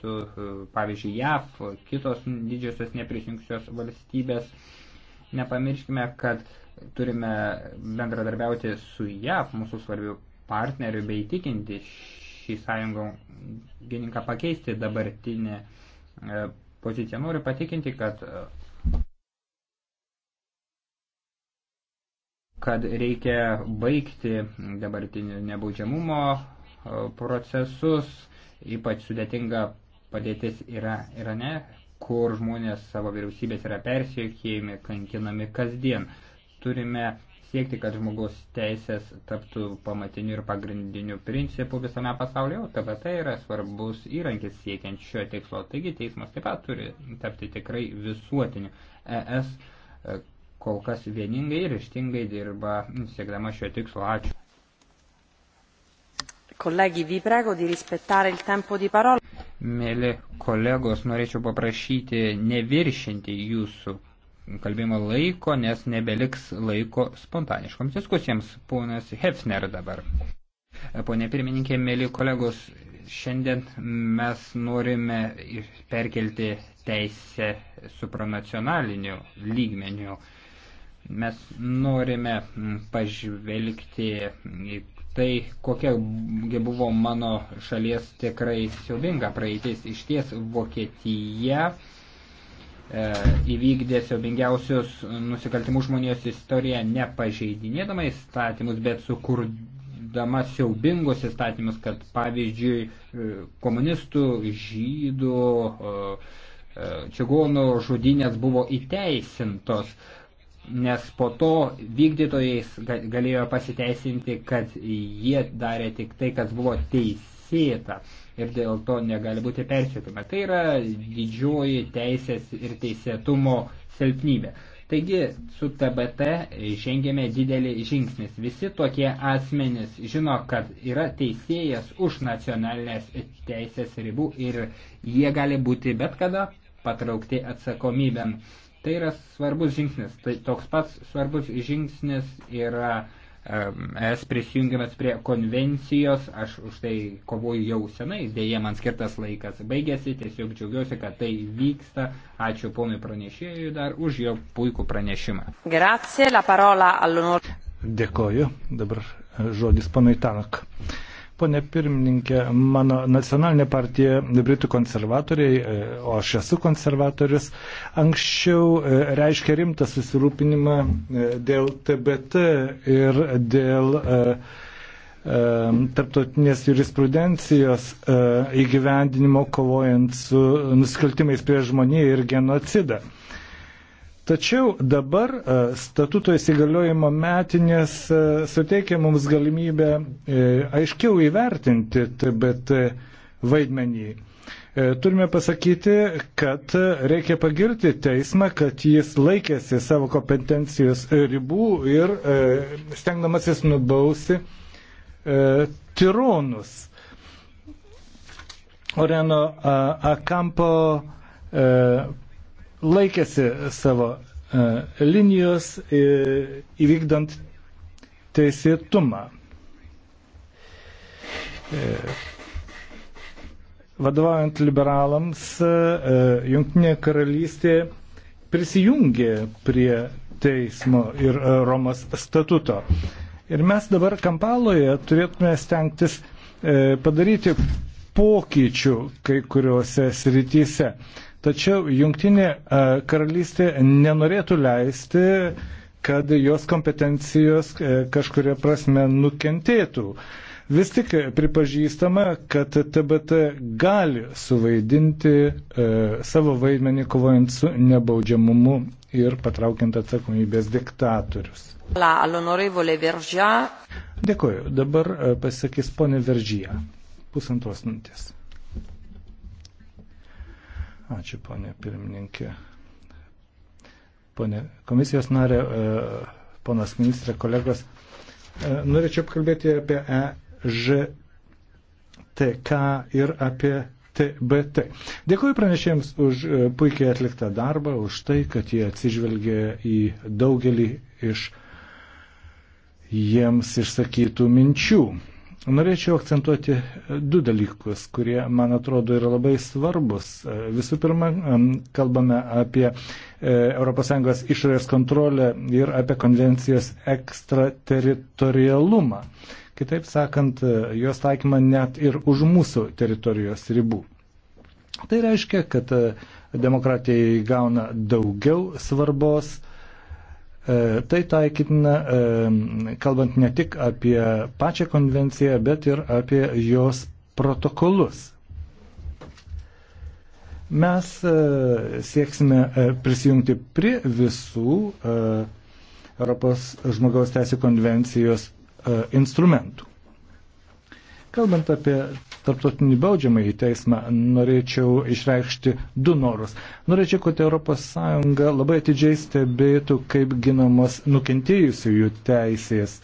e, pavyzdžiui, JAV, kitos didžiosios neprisijungsios valstybės. Nepamirškime, kad uh, Turime bendradarbiauti su JAV, mūsų svarbių partnerių, bei tikinti šį sąjungininką pakeisti dabartinę e, poziciją. Noriu patikinti, kad kad reikia baigti dabartinių nebaudžiamumo e, procesus, ypač sudėtinga padėtis yra Irane, kur žmonės savo vyriausybės yra persiekėjami, kankinami kasdien turime siekti, kad žmogaus teisės taptų pamatiniu ir pagrindiniu principu visame pasaulyje, o TBT yra svarbus įrankis siekiant šio tikslo. Taigi teismas taip pat turi tapti tikrai visuotiniu. ES e, kol kas vieningai ir ištingai dirba siekdama šio tikslo. Ačiū. Kolegi, vi prego di rispettare il tempo di parola. Mėly kolegos, norėčiau paprašyti neviršinti jūsų kalbėjimo laiko, nes nebeliks laiko spontaniškoms diskusijams. Ponas Hefner dabar. Pone pirmininkė, mėly kolegos, šiandien mes norime perkelti teisę supranacionaliniu lygmeniu. Mes norime pažvelgti į tai, kokia buvo mano šalies tikrai siaubinga praeitis. Iš ties Vokietija E, įvykdė siaubingiausius nusikaltimus žmonijos istoriją nepažeidinėdama įstatymus, bet sukurdama siaubingus įstatymus, kad pavyzdžiui e, komunistų, žydų, e, čigonų žudynės buvo įteisintos, nes po to vykdytojais galėjo pasiteisinti, kad jie darė tik tai, kas buvo teisėta ir dėl to negali būti persiekime. Tai yra didžioji teisės ir teisėtumo silpnybė. Taigi su TBT žengėme didelį žingsnis. Visi tokie asmenys žino, kad yra teisėjas už nacionalinės teisės ribų ir jie gali būti bet kada patraukti atsakomybėm. Tai yra svarbus žingsnis. Tai toks pats svarbus žingsnis yra Es prisijungiamas prie konvencijos, aš už tai kovoju jau senai, dėje man skirtas laikas baigėsi, tiesiog džiaugiuosi, kad tai vyksta. Ačiū ponui pranešėjui dar už jo puikų pranešimą. Grazie, la parola all'onor. Dėkoju, dabar žodis ponui Tanak. Pone pirmininkė, mano nacionalinė partija, Britų konservatoriai, e, o aš esu konservatorius, anksčiau e, reiškia rimtą susirūpinimą e, dėl TBT ir dėl tarptautinės jurisprudencijos įgyvendinimo kovojant su nusikaltimais prie žmoniją ir genocidą. Tačiau dabar e, statuto įsigaliojimo metinės e, suteikia mums galimybę e, aiškiau įvertinti TBT vaidmenį. Turime pasakyti, kad reikia pagirti teismą, kad jis laikėsi savo kompetencijos ribų ir stengdamasis nubausi tironus. Oreno Akampo laikėsi savo e, linijos e, įvykdant teisėtumą. E, vadovaujant liberalams, Junktinė karalystė prisijungė prie teismo ir Romos statuto. Ir mes dabar Kampaloje turėtume stengtis padaryti pokyčių kai kuriuose srityse. Tačiau jungtinė karalystė nenorėtų leisti, kad jos kompetencijos e, kažkuria prasme nukentėtų. Vis tik pripažįstama, kad TBT gali suvaidinti e, savo vaidmenį kovojant su nebaudžiamumu ir patraukiant atsakomybės diktatorius. Dėkuoju. Dabar e, pasakys ponė Veržyje. Pusantros minutės. Ačiū, ponė pirmininkė. Pone komisijos narė, e, ponas ministrė, kolegos, e, norėčiau apkalbėti apie EŽTK ir apie TBT. Dėkuoju pranešėjams už e, puikiai atliktą darbą, už tai, kad jie atsižvelgė į daugelį iš jiems išsakytų minčių. Norėčiau akcentuoti e, du dalykus, kurie, man atrodo, yra labai svarbus. E, visų pirma, kalbame apie e, ES išorės kontrolę ir apie konvencijos ekstrateritorialumą. Kitaip sakant, jos taikymą net ir už mūsų teritorijos ribų. Tai reiškia, kad demokratija įgauna daugiau svarbos E, tai taikytina, e, kalbant ne tik apie pačią konvenciją, bet ir apie jos protokolus. Mes e, sieksime prisijungti prie visų Europos žmogaus teisų konvencijos instrumentų. Kalbant apie tarptautinį baudžiamą į teismą, norėčiau išreikšti du norus. Norėčiau, kad ES labai atidžiai stebėtų, kaip ginamos nukentėjusiųjų teisės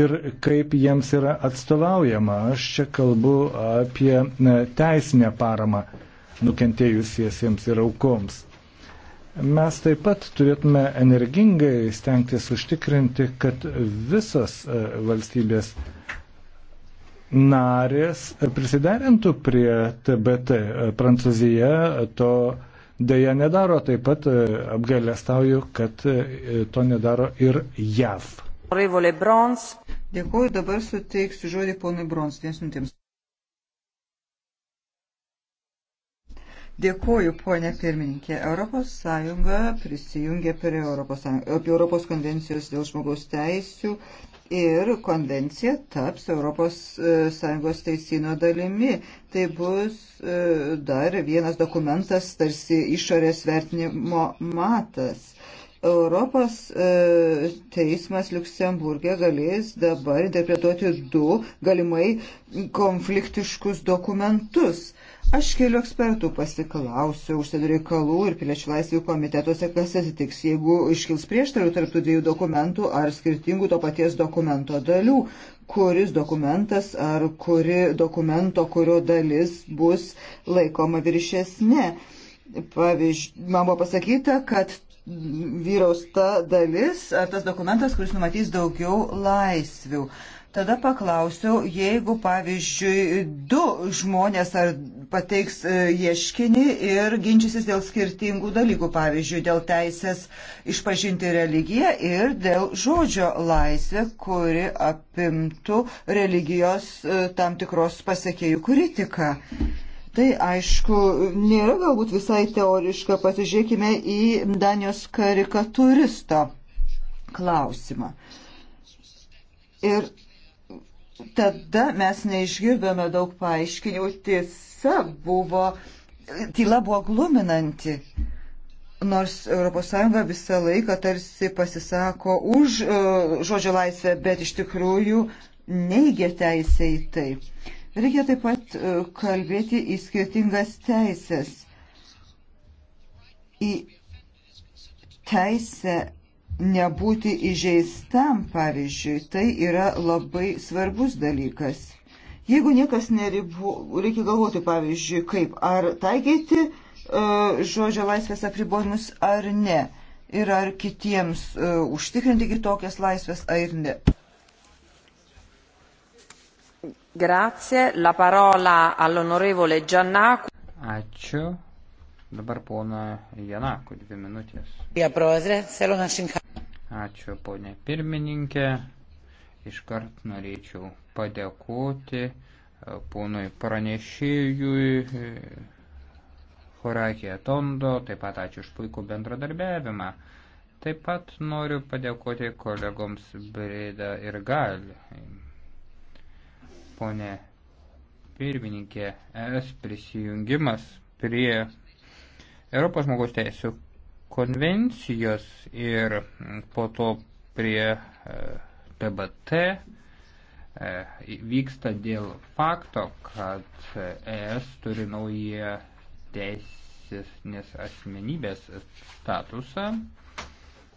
ir kaip jiems yra atstovaujama. Aš čia kalbu apie teisinę paramą nukentėjusiesiems ir aukoms. Mes taip pat turėtume energingai stengtis užtikrinti, kad visas e, valstybės narės prisiderintų prie TBT. Prancūzija to dėja nedaro, taip pat e, apgailestauju, kad e, to nedaro ir JAV. Dėkuoju, dabar suteiksiu žodį ponui Brons, nesintiems. Dėkuoju, ponė pirmininkė. Europos Sąjunga prisijungė prie Europos, Sąjunga, Europos konvencijos dėl žmogaus teisių ir konvencija taps ES e, teisino dalimi. Tai bus e, dar vienas dokumentas tarsi išorės vertinimo matas. Europos e, teismas Luksemburgė galės dabar interpretuoti du galimai konfliktiškus dokumentus Aš kelių ekspertų pasiklausiu užsienio reikalų ir piliečių laisvių komitetuose, kas atsitiks, jeigu iškils prieštarų tarptų dviejų dokumentų ar skirtingų to paties dokumento dalių, kuris dokumentas ar kuri dokumento, kurio dalis bus laikoma viršesnė. Pavyzdžiui, man buvo pasakyta, kad vyraus ta dalis ar tas dokumentas, kuris numatys daugiau laisvių. Uh, Tada paklausiau, jeigu pavyzdžiui du žmonės ar pateiks e, ieškinį ir ginčysis dėl skirtingų dalykų, pavyzdžiui, dėl teisės išpažinti religiją ir dėl žodžio laisvę, kuri apimtų religijos e, tam tikros pasiekėjų kritiką. Tai aišku, nėra galbūt visai teoriška, pasižiūrėkime į Danijos karikatūristo klausimą. Ir tada mes neišgirdome daug paaiškinimų. Tiesa buvo, tyla buvo gluminanti. Nors ES visą laiką tarsi pasisako už uh, žodžio laisvę, bet iš tikrųjų neigia teisę į tai. Reikia taip pat uh, kalbėti į skirtingas teisės. Į teisę nebūti įžeistam, pavyzdžiui, tai yra labai svarbus dalykas. Jeigu niekas neribu, reikia galvoti, pavyzdžiui, kaip ar taikyti uh, žodžio laisvės apribojimus ar ne, ir ar kitiems uh, užtikrinti kitokias laisvės ar ne. Grazie, la parola all'onorevole Giannaku. Ačiū. Dabar pona Janaku, dvi minutės. Ja, proezre, Ačiū, ponė pirmininkė. Iškart norėčiau padėkoti e, ponui pranešėjui e, Horakija Tondo, taip pat ačiū už puikų bendradarbiavimą. Taip pat noriu padėkoti kolegoms Breda ir Gal. Pone pirmininkė, es prisijungimas prie Europos žmogaus teisų konvencijos ir po to prie TBT e, e, vyksta dėl fakto, kad ES turi naują teisinės asmenybės statusą,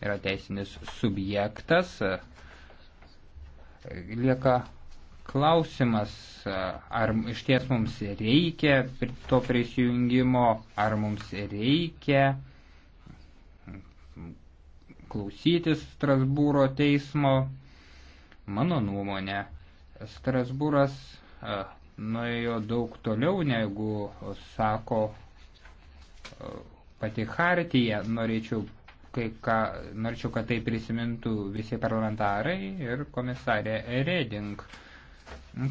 yra teisinis subjektas. Lieka klausimas, e, ar iš ties mums reikia to prisijungimo, ar mums reikia klausytis Strasbūro teismo. Mano nuomonė, Strasbūras e, nuėjo daug toliau negu sako e, pati Hartija. Norėčiau, kai ką, norėčiau, kad tai prisimintų visi parlamentarai ir komisarė Reding.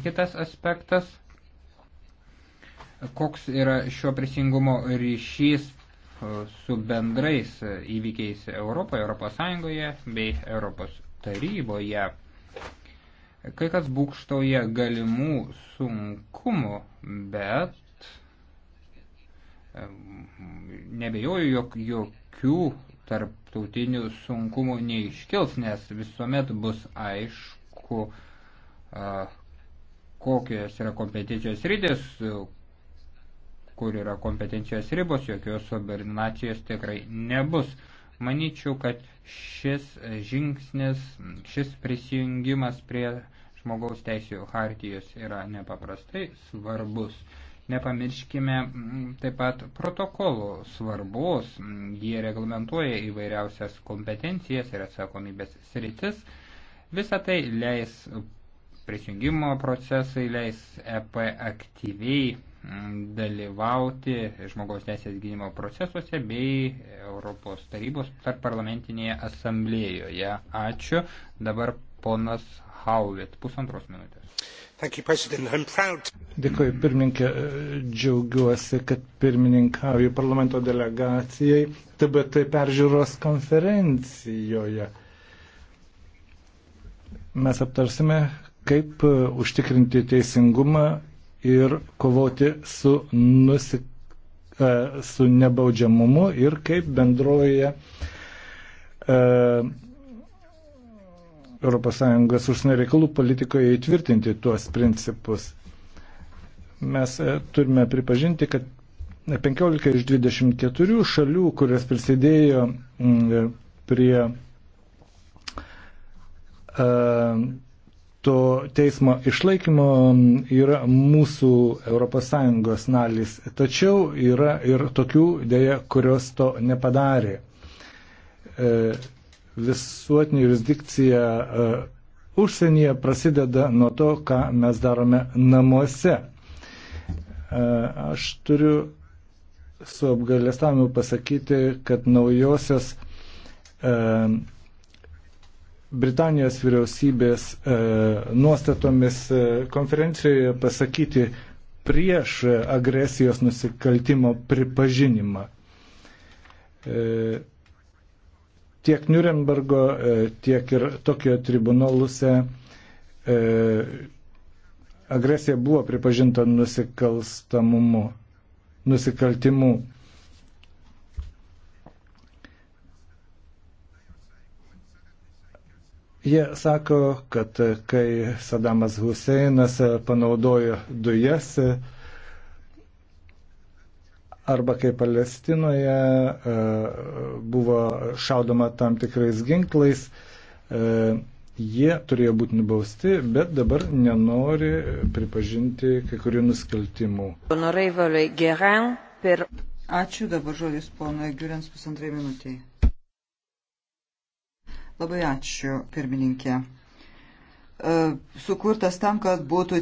Kitas aspektas koks yra šio prisingumo ryšys su bendrais įvykiais Europoje, Europos Sąjungoje bei Europos taryboje. Kai kas būkštauja galimų sunkumų, bet nebejoju, jog jokių tarptautinių sunkumų neiškils, nes visuomet bus aišku, kokios yra kompetencijos rytis, kur yra kompetencijos ribos, jokios subordinacijos tikrai nebus. Maničiau, kad šis žingsnis, šis prisijungimas prie žmogaus teisėjų hartijos yra nepaprastai svarbus. Nepamirškime mm, taip pat protokolų svarbos, jie reglamentuoja įvairiausias kompetencijas ir atsakomybės sritis. Visą tai leis prisijungimo procesai, leis EP aktyviai dalyvauti žmogaus teisės gynimo procesuose bei Europos tarybos tarp parlamentinėje asamblėjoje. Ačiū. Dabar ponas Howitt, pusantros minutės. Dėkuoju, pirmininkė. Džiaugiuosi, kad pirmininkauju parlamento delegacijai TBT peržiūros konferencijoje. Mes aptarsime, kaip užtikrinti teisingumą ir kovoti su, nusik, e, su nebaudžiamumu ir kaip bendroje ES užsienio reikalų politikoje įtvirtinti tuos principus. Mes e, turime pripažinti, kad 15 iš 24 šalių, kurios prisidėjo prie e, to teismo išlaikymo yra mūsų ES nalis, tačiau yra ir tokių dėja, kurios to nepadarė. E, visuotinė jurisdikcija e, užsienyje prasideda nuo to, ką mes darome namuose. E, aš turiu su apgalėstavimu pasakyti, kad naujosios Britanijos vyriausybės e, nuostatomis e, konferencijoje pasakyti prieš agresijos nusikaltimo pripažinimą. E, tiek Nürnbergo, e, tiek ir Tokijo tribunoluose e, agresija buvo pripažinta nusikalstamumu, nusikaltimu. Jie sako, kad kai Sadamas Huseinas panaudojo dujas, arba kai Palestinoje e, buvo šaudoma tam tikrais ginklais, e, jie turėjo būti nubausti, bet dabar nenori pripažinti kai kurių nusikaltimų. Ačiū dabar žodis ponui Giurens pusantrai minutiai. Labai ačiū, pirmininkė. E, sukurtas tam, kad būtų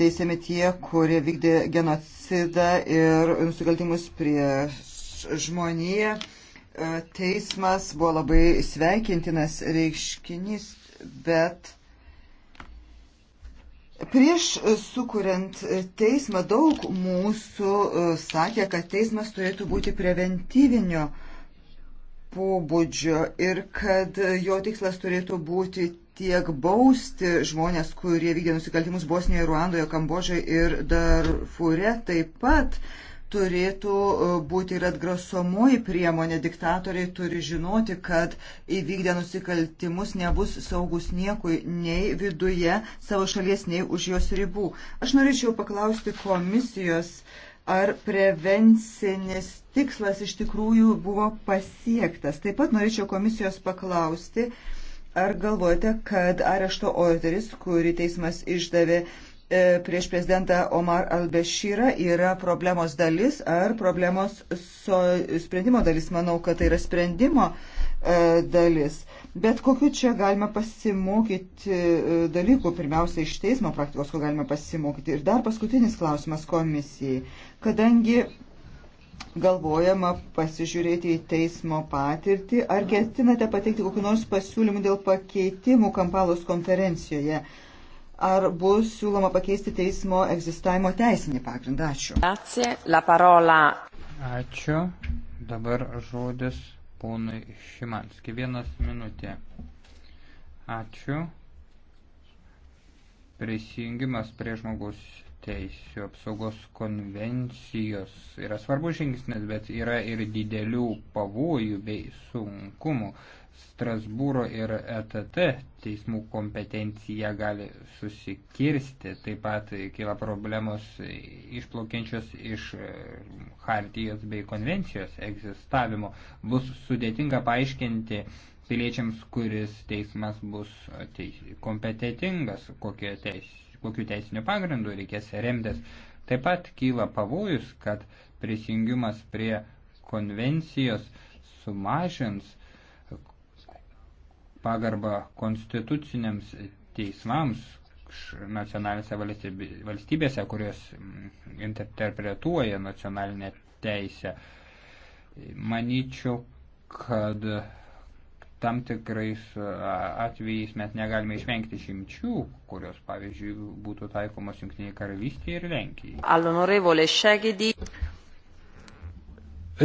teisiami tie, kurie vykdė genocidą ir nusikaltimus prieš žmoniją. E, teismas buvo labai sveikintinas reiškinys, bet Prieš sukuriant teismą daug mūsų e, sakė, kad teismas turėtų būti preventyvinio pobūdžio ir kad jo tikslas turėtų būti tiek bausti žmonės, kurie vykdė nusikaltimus Bosnijoje, Ruandoje, Kambožoje ir Darfūre, taip pat turėtų e, būti ir atgrasomoji priemonė. Diktatoriai turi žinoti, kad įvykdę nusikaltimus nebus saugus niekui nei viduje savo šalies, nei už jos ribų. Aš norėčiau paklausti komisijos. Uh, ar prevencinis tikslas iš tikrųjų buvo pasiektas. Taip pat norėčiau komisijos paklausti, ar galvojate, kad arešto orderis, kurį teismas išdavė e, prieš prezidentą Omar al-Bashirą, yra problemos dalis ar problemos so, sprendimo dalis. Manau, kad tai yra sprendimo e, dalis. Bet kokiu čia galima pasimokyti e, dalykų, pirmiausia, iš teismo praktikos, ko galima pasimokyti. Ir dar paskutinis klausimas komisijai kadangi galvojama pasižiūrėti į teismo patirtį, ar ketinate pateikti kokiu nors pasiūlymu dėl pakeitimų Kampalos konferencijoje? Ar bus siūloma pakeisti teismo egzistavimo teisinį pagrindą? Ačiū. Ačiū. Dabar žodis ponui Šimanski. Vienas minutė. Ačiū. Prisijungimas prie žmogus teisų apsaugos konvencijos yra svarbus žingsnis, bet yra ir didelių pavojų bei sunkumų. Strasbūro ir ETT teismų kompetencija gali susikirsti, taip pat kyla problemos išplaukiančios iš hartijos bei konvencijos egzistavimo. Bus sudėtinga paaiškinti piliečiams, kuris teismas bus kompetitingas, kokie teisė kokiu teisiniu pagrindu reikės remtis. Taip pat kyla pavojus, kad prisijungimas prie konvencijos sumažins pagarbą konstituciniams teismams nacionalinėse valstybėse, kurios mm, interpretuoja nacionalinę teisę. Manyčiau, kad tam tikrais atvejais mes negalime išvengti šimčių, kurios, pavyzdžiui, būtų taikomos Junktiniai karalystėje ir Lenkijai. All'onorevole Šegedį.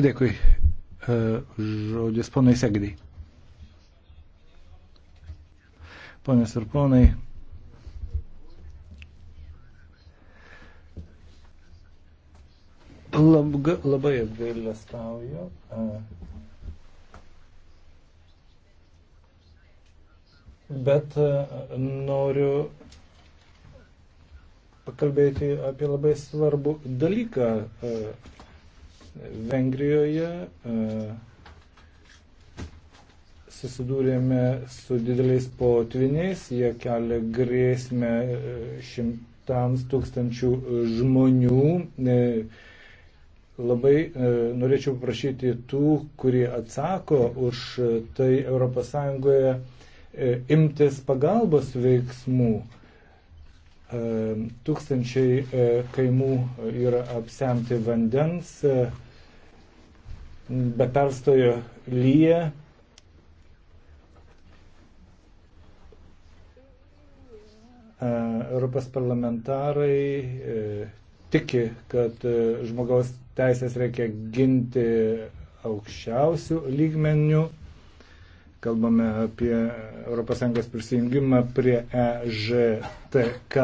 Dėkui. E, žodis ponai Segedį. Ponės ir ponai. Labai apgailestauju, e, bet e, noriu pakalbėti apie labai svarbų dalyką. E, Vengrijoje e, susidūrėme su dideliais potviniais, jie kelia grėsmę šimtams tūkstančių žmonių. Labai norėčiau prašyti tų, kurie atsako už tai ES E, imtis pagalbos veiksmų. E, tūkstančiai e, kaimų yra apsemti vandens, be perstojo lyja. Europos parlamentarai tiki, kad žmogaus teisės reikia ginti aukščiausių lygmenių Kalbame apie ES prisijungimą prie EŽTK,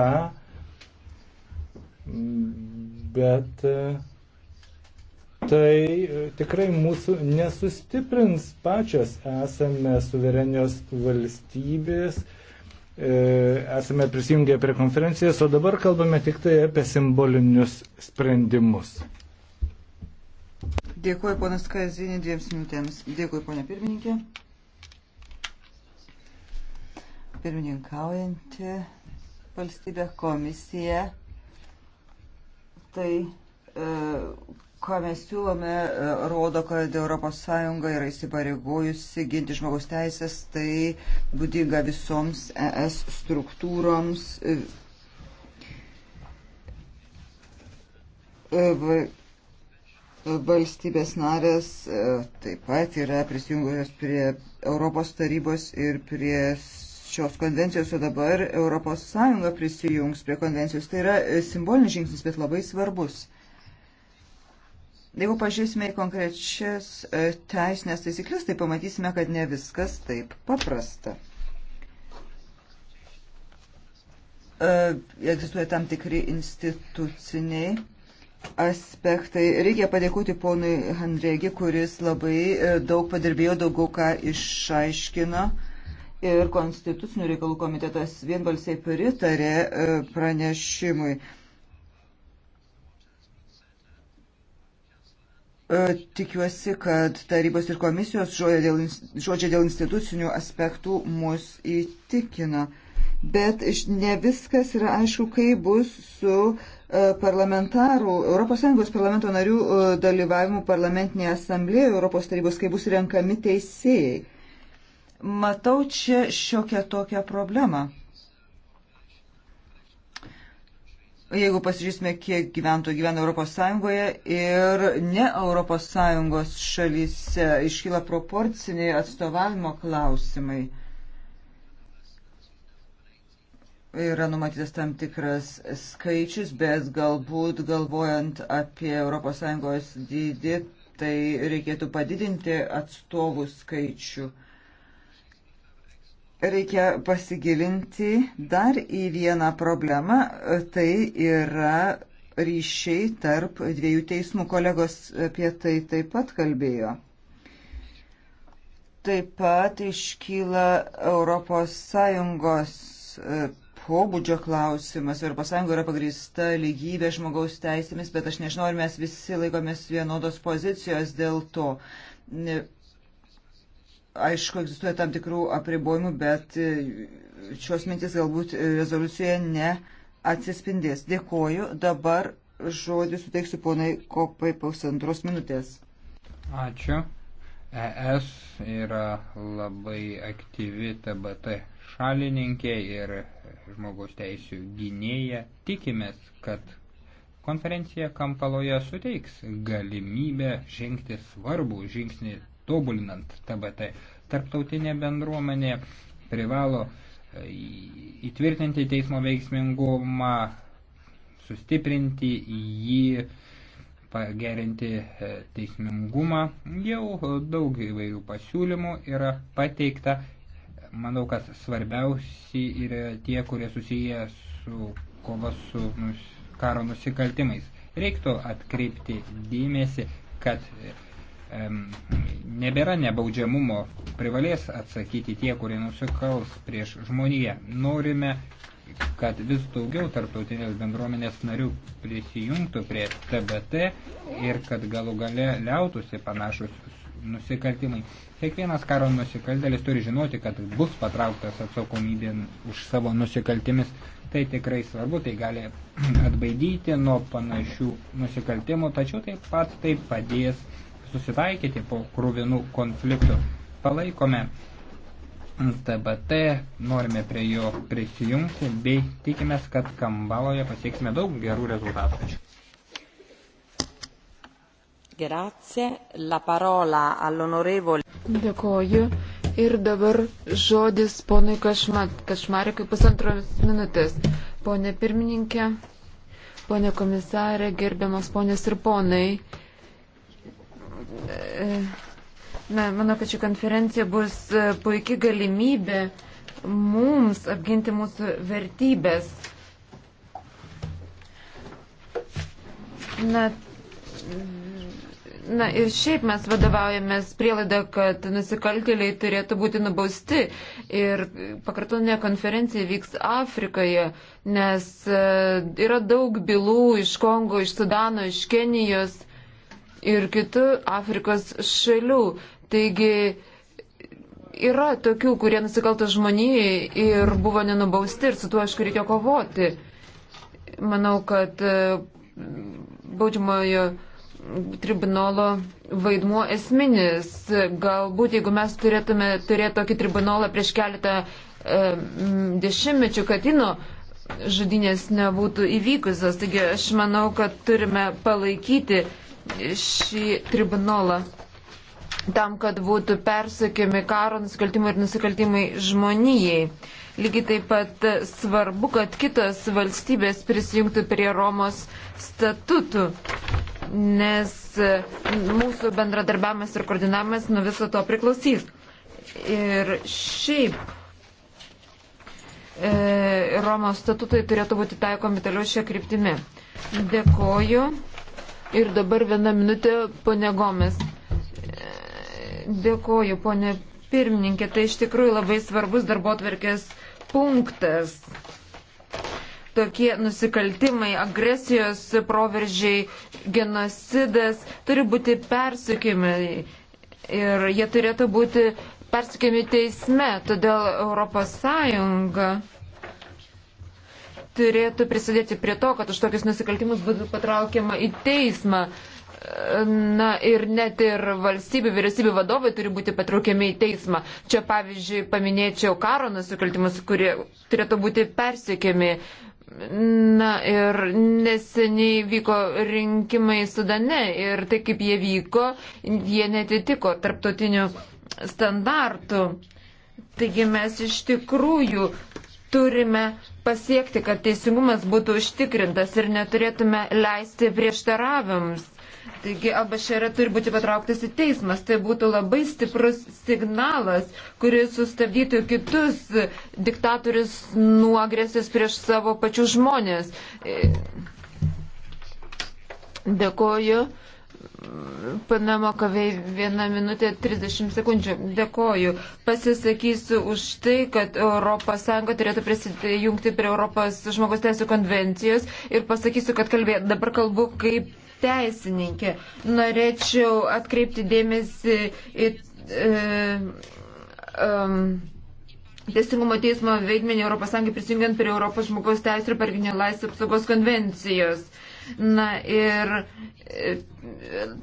bet e, tai e, tikrai mūsų nesustiprins pačios esame suverenios valstybės, e, esame prisijungę prie konferencijos, o dabar kalbame tik tai apie simbolinius sprendimus. Dėkuoju, ponas Kazinė, dviems minutėms. Dėkuoju, ponė pirmininkė pirmininkaujanti valstybė komisija, tai e, ką mes siūlome, e, rodo, kad ES yra įsipareigojusi ginti žmogaus teisės, tai būdinga visoms ES struktūroms. E, valstybės narės taip pat yra prisijungusios prie Europos tarybos ir prie šios konvencijos, o dabar ES prisijungs prie konvencijos. Tai yra e, simbolinis žingsnis, bet labai svarbus. Jeigu pažiūrėsime į konkrečias e, teisinės taisyklės, tai pamatysime, kad ne viskas taip paprasta. E, egzistuoja tam tikri instituciniai aspektai. Reikia padėkoti ponui Handregi, kuris labai daug padirbėjo, daugiau ką išaiškino ir Konstitucinių reikalų komitetas vienbalsiai pritarė e, pranešimui. E, tikiuosi, kad tarybos ir komisijos žodžiai dėl institucinių aspektų mus įtikina. Bet ne viskas yra aišku, kaip bus su e, parlamentarų, ES parlamento narių dalyvavimu parlamentinėje asamblėje Europos tarybos, kaip bus renkami teisėjai. Matau čia šiokią tokią problemą. Jeigu pasižiūrėsime, kiek gyventojų gyvena Europos Sąjungoje ir ne Europos Sąjungos šalyse, iškyla proporciniai atstovavimo klausimai. Yra numatytas tam tikras skaičius, bet galbūt galvojant apie ES dydį, tai reikėtų padidinti atstovų skaičių. Uh, reikia pasigilinti dar į vieną problemą, tai yra ryšiai tarp dviejų teismų. Kolegos apie tai taip pat kalbėjo. Taip pat iškyla ES e, pobūdžio klausimas. ES yra pagrįsta lygybė žmogaus teisėmis, bet aš nežinau, ar mes visi laikomės vienodos pozicijos dėl to aišku, egzistuoja tam tikrų apribojimų, bet e, šios mintis galbūt e, rezoliucijoje neatsispindės. Dėkoju. Dabar žodį suteiksiu ponai Kopai pusantros minutės. Ačiū. ES yra labai aktyvi TBT šalininkė ir žmogaus teisų gynėja. Tikimės, kad konferencija Kampaloje suteiks galimybę žengti svarbų žingsnį tobulinant TBT. Tarptautinė bendruomenė privalo e, įtvirtinti teismo veiksmingumą, sustiprinti jį, pagerinti e, teismingumą. Jau daug įvairių pasiūlymų yra pateikta. Manau, kad svarbiausi yra tie, kurie susiję su kova su karo nusikaltimais. Reiktų atkreipti dėmesį, kad nebėra nebaudžiamumo, privalės atsakyti tie, kurie nusikals prieš žmoniją. Norime, kad vis daugiau tarptautinės bendruomenės narių prisijungtų prie TBT ir kad galų gale liautųsi panašus nusikaltimai. Kiekvienas karo nusikaltėlis turi žinoti, kad bus patrauktas atsakomybė už savo nusikaltimis. Tai tikrai svarbu, tai gali atbaidyti nuo panašių nusikaltimų, tačiau taip pat tai padės susitaikyti po krūvinų konfliktų. Palaikome TBT, norime prie jo prisijungti bei tikimės, kad Kambaloje pasieksime daug gerų rezultatų. Grazie. La parola all'onorevole. Dėkoju. Ir dabar žodis ponui Kašmarikui pusantros minutės. Pone pirmininkė, pone komisarė, gerbiamas ponės ir ponai na, manau, kad ši konferencija bus e, puikia galimybė mums apginti mūsų vertybės. Na, na ir šiaip mes vadovaujamės prielaida, kad nusikaltėliai turėtų būti nubausti. Ir pakartotinė konferencija vyks Afrikoje, nes e, yra daug bylų iš Kongo, iš Sudano, iš Kenijos ir kitų Afrikos šalių. Taigi yra tokių, kurie nusikalto žmonijai ir buvo nenubausti ir su tuo, aišku, reikia kovoti. Manau, kad e, baudžiamojo tribunolo vaidmuo esminis. Galbūt, jeigu mes turėtume turėti tokį tribunolą prieš keletą e, dešimtmečių Katino žudinės nebūtų įvykusios. Taigi aš manau, kad turime palaikyti šį tribunolą tam, kad būtų persekiami karo nusikaltimai ir nusikaltimai žmonijai. Lygiai taip pat svarbu, kad kitos valstybės prisijungtų prie Romos statutų, nes mūsų bendradarbiavimas ir koordinavimas nuo viso to priklausys. Ir šiaip e, Romos statutai turėtų būti taikomi toliau šią kryptimį. Dėkoju. Ir dabar vieną minutę, ponė Gomes. Dėkoju, ponė pirmininkė. Tai iš tikrųjų labai svarbus darbo tvarkės punktas. Tokie nusikaltimai, agresijos proveržiai, genocidas turi būti persikimi ir jie turėtų būti persikimi teisme. Todėl Europos Sąjunga turėtų prisidėti prie to, kad už tokius nusikaltimus būtų patraukiama į teismą. Na ir net ir valstybių, vyriausybių vadovai turi būti patraukiami į teismą. Čia pavyzdžiui paminėčiau karo nusikaltimus, kurie turėtų būti persiekiami. Na ir neseniai vyko rinkimai Sudane ir tai kaip jie vyko, jie netitiko tarptautinių standartų. Taigi mes iš tikrųjų turime pasiekti, kad teisingumas būtų užtikrintas ir neturėtume leisti prieštaravimams. Taigi Abašera turi būti patrauktas į teismas. Tai būtų labai stiprus signalas, kuris sustabdytų kitus diktatorius nuo agresijos prieš savo pačių žmonės. Dėkoju. Pana Makavei, vieną minutę 30 sekundžių. Dėkoju. Pasisakysiu už tai, kad ES turėtų prisijungti prie Europos žmogaus teisų konvencijos ir pasakysiu, kad kalbė, dabar kalbu kaip teisininkė. Norėčiau atkreipti dėmesį į. E, um, Teisingumo teismo veikmenį ES prisijungiant prie Europos žmogaus teisų ir pagrindinių laisvų apsaugos konvencijos. Uh, Na ir e,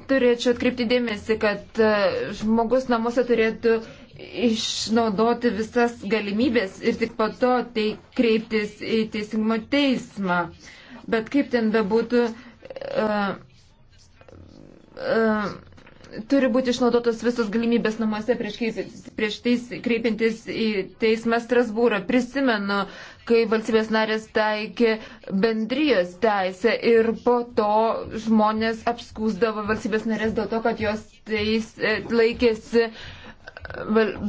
turėčiau atkreipti dėmesį, kad e, žmogus namuose turėtų išnaudoti visas galimybės ir tik po to tai kreiptis į teisingumo teismą. Bet kaip ten bebūtų, uh, uh, turi būti išnaudotos visos galimybės namuose prieš, prieš teis, kreipiantis į teismą Strasbūrą. Prisimenu, kai valstybės narės taikė bendrijos teisę ir po to žmonės apskūsdavo valstybės narės dėl to, kad jos teis, laikėsi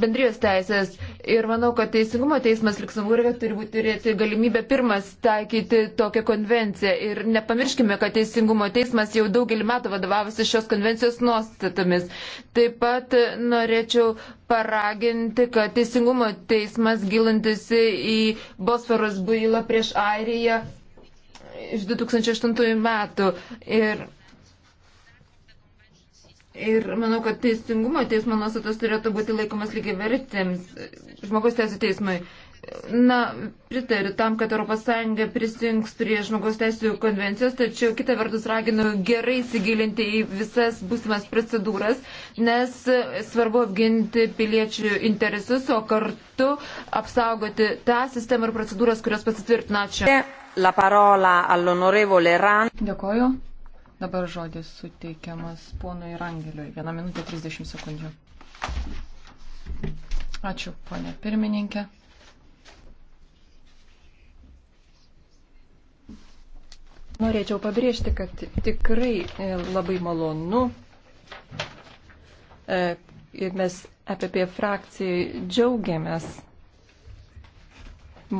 bendrijos teisės ir manau, kad Teisingumo teismas Liksamburgė turi būti turėti galimybę pirmas taikyti tokią konvenciją. Ir nepamirškime, kad Teisingumo teismas jau daugelį metų vadovavosi šios konvencijos nuostatomis. Taip pat norėčiau paraginti, kad Teisingumo teismas gilintųsi į Bosforos bylą prieš Airiją iš 2008 metų. Ir Ir manau, kad teisingumo teismo nuostatos turėtų būti laikomas lygiai vertėms žmogaus teisų teismui. Na, pritariu tam, kad ES prisijungs prie žmogaus teisų konvencijos, tačiau kitą vertus raginu gerai įsigilinti į visas būsimas procedūras, nes svarbu apginti piliečių interesus, o kartu apsaugoti tą sistemą ir procedūras, kurios pasitvirtina. Ačiū. Dėkoju. Dabar žodis suteikiamas ponui Rangeliui. Vieną minutę 30 sekundžių. Ačiū, ponė pirmininkė. Norėčiau pabrėžti, kad tikrai e, labai malonu. E, ir mes EPP frakcijai džiaugiamės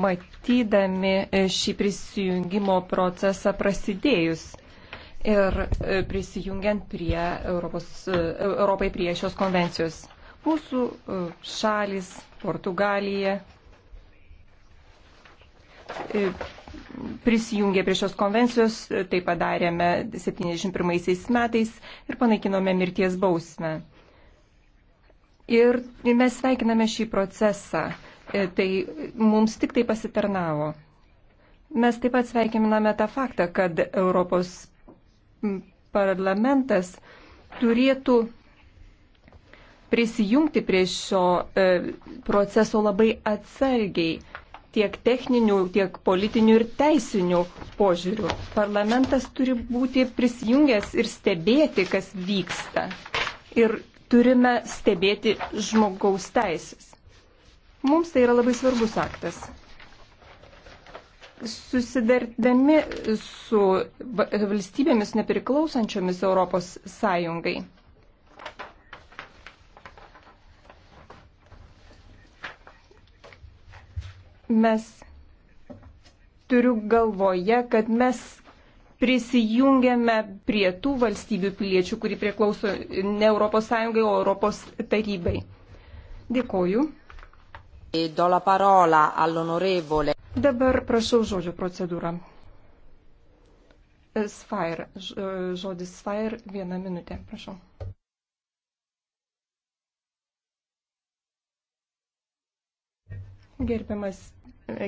matydami e, šį prisijungimo procesą prasidėjus ir e, prisijungiant prie Europos, e, Europai prie šios konvencijos. Mūsų e, šalis, Portugalija, prisijungė prie šios konvencijos, tai padarėme 71 metais ir panaikinome mirties bausmę. Ir mes sveikiname šį procesą, tai mums tik tai pasitarnavo. Mes taip pat sveikiname tą faktą, kad Europos parlamentas turėtų prisijungti prie šio e, proceso labai atsargiai tiek techninių, tiek politinių ir teisinių požiūrių. Parlamentas turi būti prisijungęs ir stebėti, kas vyksta. Ir turime stebėti žmogaus teisės. Mums tai yra labai svarbus aktas susidardami su valstybėmis nepriklausančiomis Europos Sąjungai. Mes turiu galvoje, kad mes prisijungiame prie tų valstybių piliečių, kuri priklauso ne Europos Sąjungai, o Europos tarybai. Dėkoju. E do la parola all'onorevole. Dabar prašau žodžio procedūrą. E, Sfair, e, žodis Sfair, vieną minutę, prašau. Gerbiamas,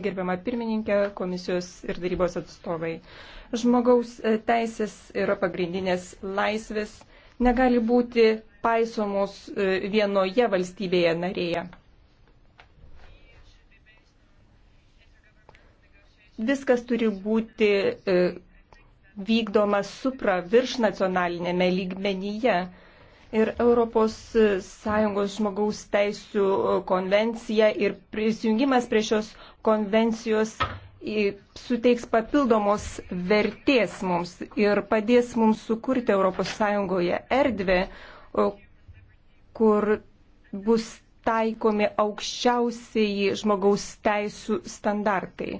gerbiama pirmininkė, komisijos ir darybos atstovai. Žmogaus e, teisės yra pagrindinės laisvės, negali būti paisomos vienoje valstybėje narėje. Viskas turi būti e, vykdoma supra virš nacionalinėme lygmenyje. Ir ES žmogaus teisų konvencija ir prisijungimas prie šios konvencijos suteiks papildomos vertės mums ir padės mums sukurti ES erdvę, kur bus taikomi aukščiausiai žmogaus teisų standartai.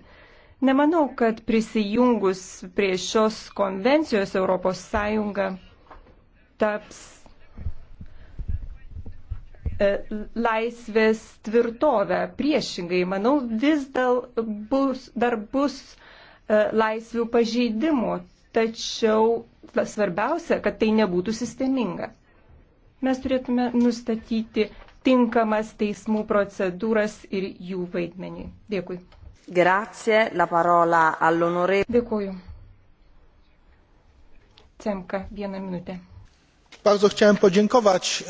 Nemanau, kad prisijungus prie šios konvencijos ES taps e, laisvės tvirtovę. Priešingai, manau, vis dėl bus, dar bus e, laisvių pažeidimų, tačiau svarbiausia, kad tai nebūtų sisteminga. Mes turėtume nustatyti tinkamas teismų procedūras ir jų vaidmenį. Dėkui. Grazie, la parola all'onore. Dėkuoju. Cemka, vieną minutę. Bardzo chciałem podziękować.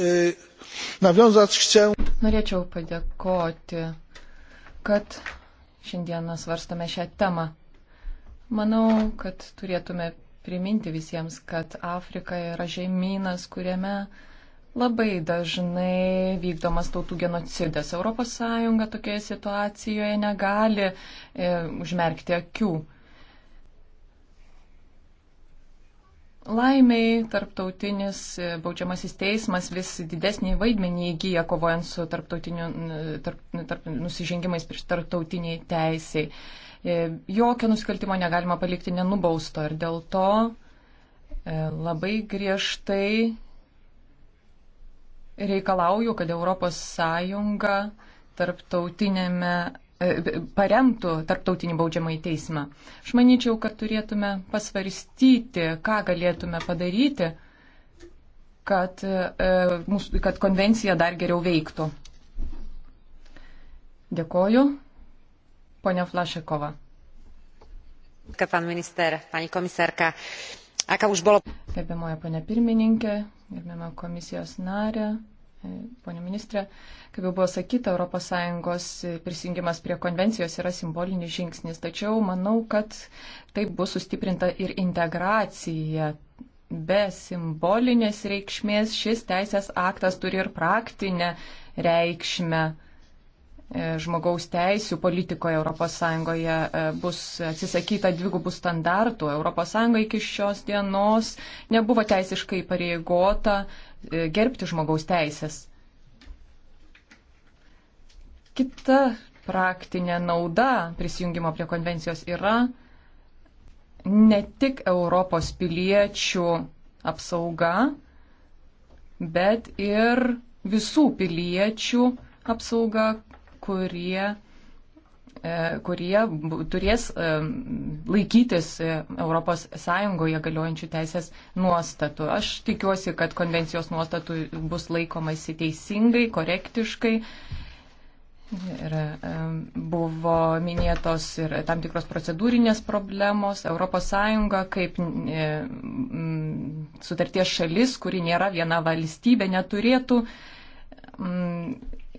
Nawiązać chcę. Norėčiau padėkoti, kad šiandieną svarstame šią temą. Manau, kad turėtume priminti visiems, kad Afrika yra žemynas, kuriame Labai dažnai vykdomas tautų genocidas. ES tokioje situacijoje negali e, užmerkti akių. Laimiai tarptautinis e, baudžiamasis teismas vis didesnį vaidmenį įgyja kovojant su tarp, tarp, nusižengimais prieš tarptautiniai teisiai. E, jokio nusikaltimo negalima palikti nenubausto ir dėl to e, labai griežtai reikalauju, kad ES tarptautinėme e, paremtų tarptautinį baudžiamą į teismą. Aš manyčiau, kad turėtume pasvarstyti, ką galėtume padaryti, kad, e, kad konvencija dar geriau veiktų. Dėkoju. Pone Flašekova. Pan minister, pani komisarka, aką už bolo. Gerbiamoja ponė pirmininkė, gerbiama komisijos narė. Pone ministrė, kaip jau buvo sakyta, ES prisijungimas prie konvencijos yra simbolinis žingsnis, tačiau manau, kad taip bus sustiprinta ir integracija. Be simbolinės reikšmės šis teisės aktas turi ir praktinę reikšmę E, žmogaus teisų politikoje ES e, bus atsisakyta dvigubų standartų. ES iki šios dienos nebuvo teisiškai pareigota e, gerbti žmogaus teisės. Kita praktinė nauda prisijungimo prie konvencijos yra ne tik Europos piliečių apsauga, bet ir visų piliečių apsauga, kurie e, kurie turės e, laikytis ES galiojančių teisės nuostatų. Aš tikiuosi, kad konvencijos nuostatų bus laikomasi teisingai, korektiškai. Ir e, buvo minėtos ir tam tikros procedūrinės problemos. ES kaip sutarties šalis, kuri nėra viena valstybė, neturėtų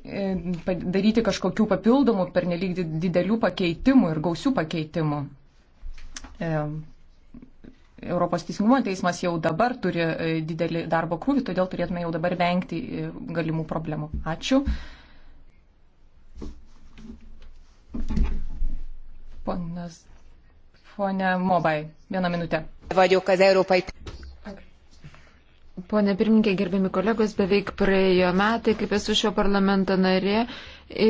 daryti kažkokių papildomų, pernelyg didelių pakeitimų ir gausių pakeitimų. E, Europos teisingumo teismas jau dabar turi e, didelį darbo krūvį, todėl turėtume jau dabar vengti e, galimų problemų. Ačiū. Ponas, ponė Mobai, vieną minutę. Vagyok az európai Pone pirmininkė, gerbiami kolegos, beveik praėjo metai, kaip esu šio parlamento narė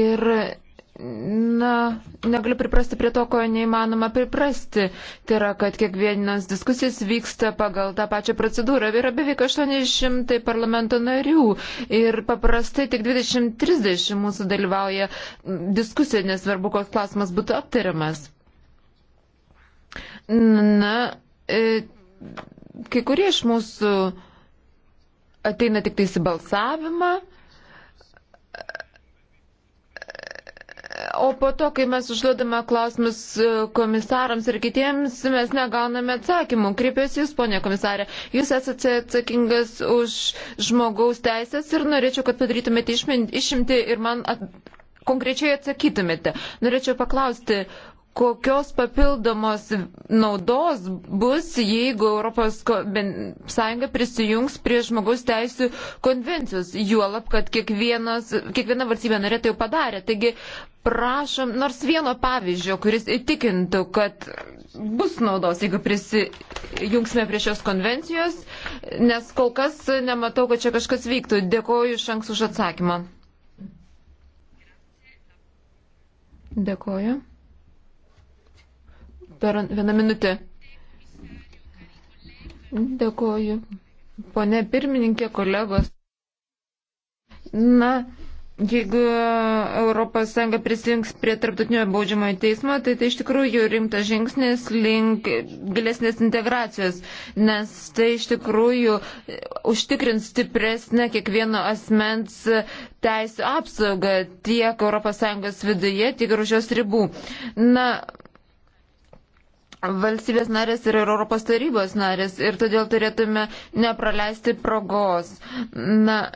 ir Na, negaliu priprasti prie to, ko neįmanoma priprasti. Tai yra, kad kiekvienas diskusijas vyksta pagal tą pačią procedūrą. Yra beveik 800 parlamento narių ir paprastai tik 20-30 mūsų dalyvauja diskusijoje, nesvarbu, koks klausimas būtų aptariamas. Na, e, kai kurie iš mūsų ateina tik tai į balsavimą. O po to, kai mes užduodame klausimus komisarams ir kitiems, mes negauname atsakymų. Kreipiuosi Jūs, ponė komisarė. Jūs esate atsakingas už žmogaus teisės ir norėčiau, kad padarytumėte išimti ir man at konkrečiai atsakytumėte. Norėčiau paklausti, kokios papildomos naudos bus, jeigu ES prisijungs prie žmogaus teisų konvencijos, juolab, kad kiekviena valstybė narė tai jau padarė. Taigi prašom nors vieno pavyzdžio, kuris įtikintų, kad bus naudos, jeigu prisijungsime prie šios konvencijos, nes kol kas nematau, kad čia kažkas vyktų. Dėkoju iš anksto už atsakymą. Dėkoju per vieną minutę. Dėkoju. Pone pirmininkė, kolegos. Na, Jeigu ES prisijungs prie tarptautinio baudžiamojo teismo, tai tai iš tikrųjų rimtas žingsnis link gilesnės integracijos, nes tai iš tikrųjų užtikrins stipresnę kiekvieno asmens teisų apsaugą tiek ES viduje, tiek ir už jos ribų. Na, valstybės narės ir Europos tarybos narės ir todėl turėtume nepraleisti progos. Na,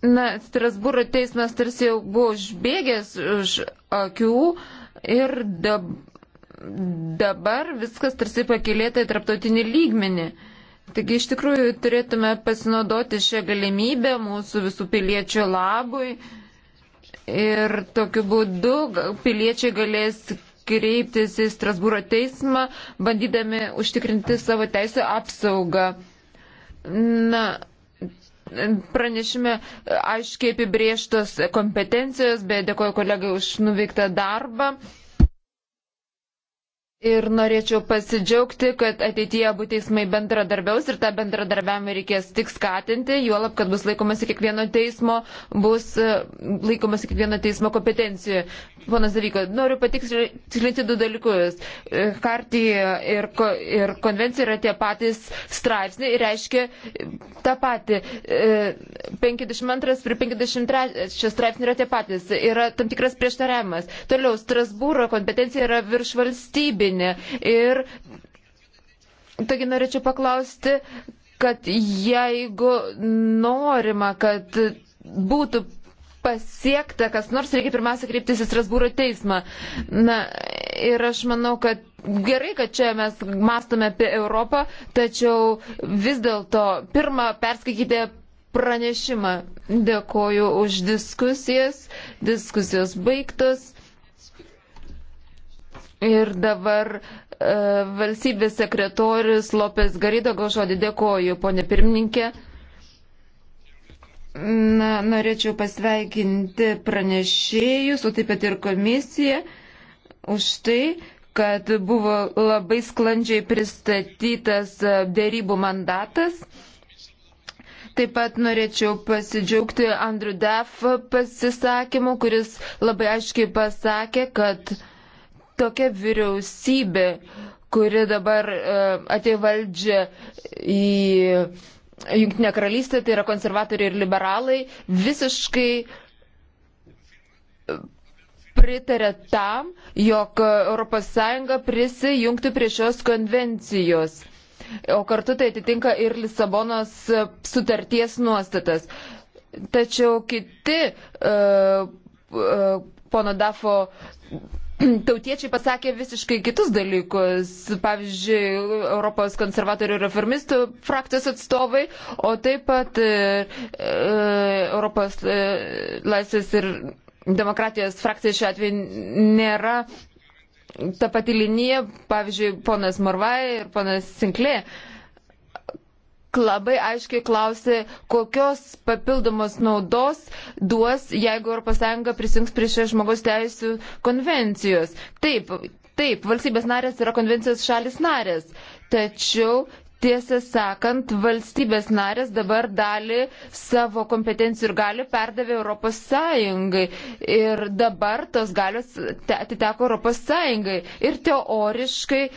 Na, Strasbūro teismas tarsi jau buvo užbėgęs už akių ir dab, dabar viskas tarsi pakilėta į traptautinį lygmenį. Taigi iš tikrųjų turėtume pasinaudoti šią galimybę mūsų visų piliečių labui. Ir tokiu būdu piliečiai galės kreiptis į Strasbūro teismą, bandydami užtikrinti savo teisę apsaugą. Na, pranešime aiškiai apibrieštos kompetencijos, bet dėkoju kolegai už nuveiktą darbą. Ir norėčiau pasidžiaugti, kad ateityje abu teismai bendradarbiaus ir tą bendradarbiavimą reikės tik skatinti, juolab, kad bus laikomasi kiekvieno teismo, bus e, laikomasi kiekvieno teismo kompetencijų. Ponas Davyko, noriu patikslinti du dalykus. Kartija e, ir, ko, ir konvencija yra tie patys straipsniai ir reiškia tą patį. 52 ir 53 straipsniai yra tie patys. Yra tam tikras prieštaravimas. Toliau, Strasbūro kompetencija yra virš valstybė nuolatinė. Ir taigi norėčiau paklausti, kad jeigu norima, kad būtų pasiekta, kas nors reikia pirmiausia kreiptis į Strasbūro teismą. Na, ir aš manau, kad gerai, kad čia mes mastome apie Europą, tačiau vis dėlto pirmą perskaitykite pranešimą. Dėkoju už diskusijas. Diskusijos baigtos. Ir dabar e, valstybės sekretorius Lopes Garido Gaužodį dėkoju, ponė pirmininkė. Na, norėčiau pasveikinti pranešėjus, o taip pat ir komisiją už tai, kad buvo labai sklandžiai pristatytas dėrybų mandatas. Taip pat norėčiau pasidžiaugti Andrew Deff pasisakymu, kuris labai aiškiai pasakė, kad uh, tokia vyriausybė, kuri dabar e, atėjo valdžią į Junktinę karalystę, tai yra konservatoriai ir liberalai, visiškai e, pritarė tam, jog ES prisijungtų prie šios konvencijos. O kartu tai atitinka ir Lisabonos e, sutarties nuostatas. Tačiau kiti uh, uh, pono Dafo Tautiečiai pasakė visiškai kitus dalykus. Pavyzdžiui, Europos konservatorių reformistų frakcijos atstovai, o taip pat e, e, Europos e, laisvės ir demokratijos frakcija šiuo atveju nėra ta pati linija. Pavyzdžiui, ponas Morvai ir ponas Sinklė. E, labai aiškiai klausė, kokios papildomos naudos duos, jeigu ES prisijungs prie šios žmogaus teisų konvencijos. Taip, taip, valstybės narės yra konvencijos šalis narės, tačiau Tiesą sakant, valstybės narės dabar dalį savo kompetencijų ir galių perdavė Europos Sąjungai. Ir dabar tos galios atiteko Europos Sąjungai. Ir teoriškai e,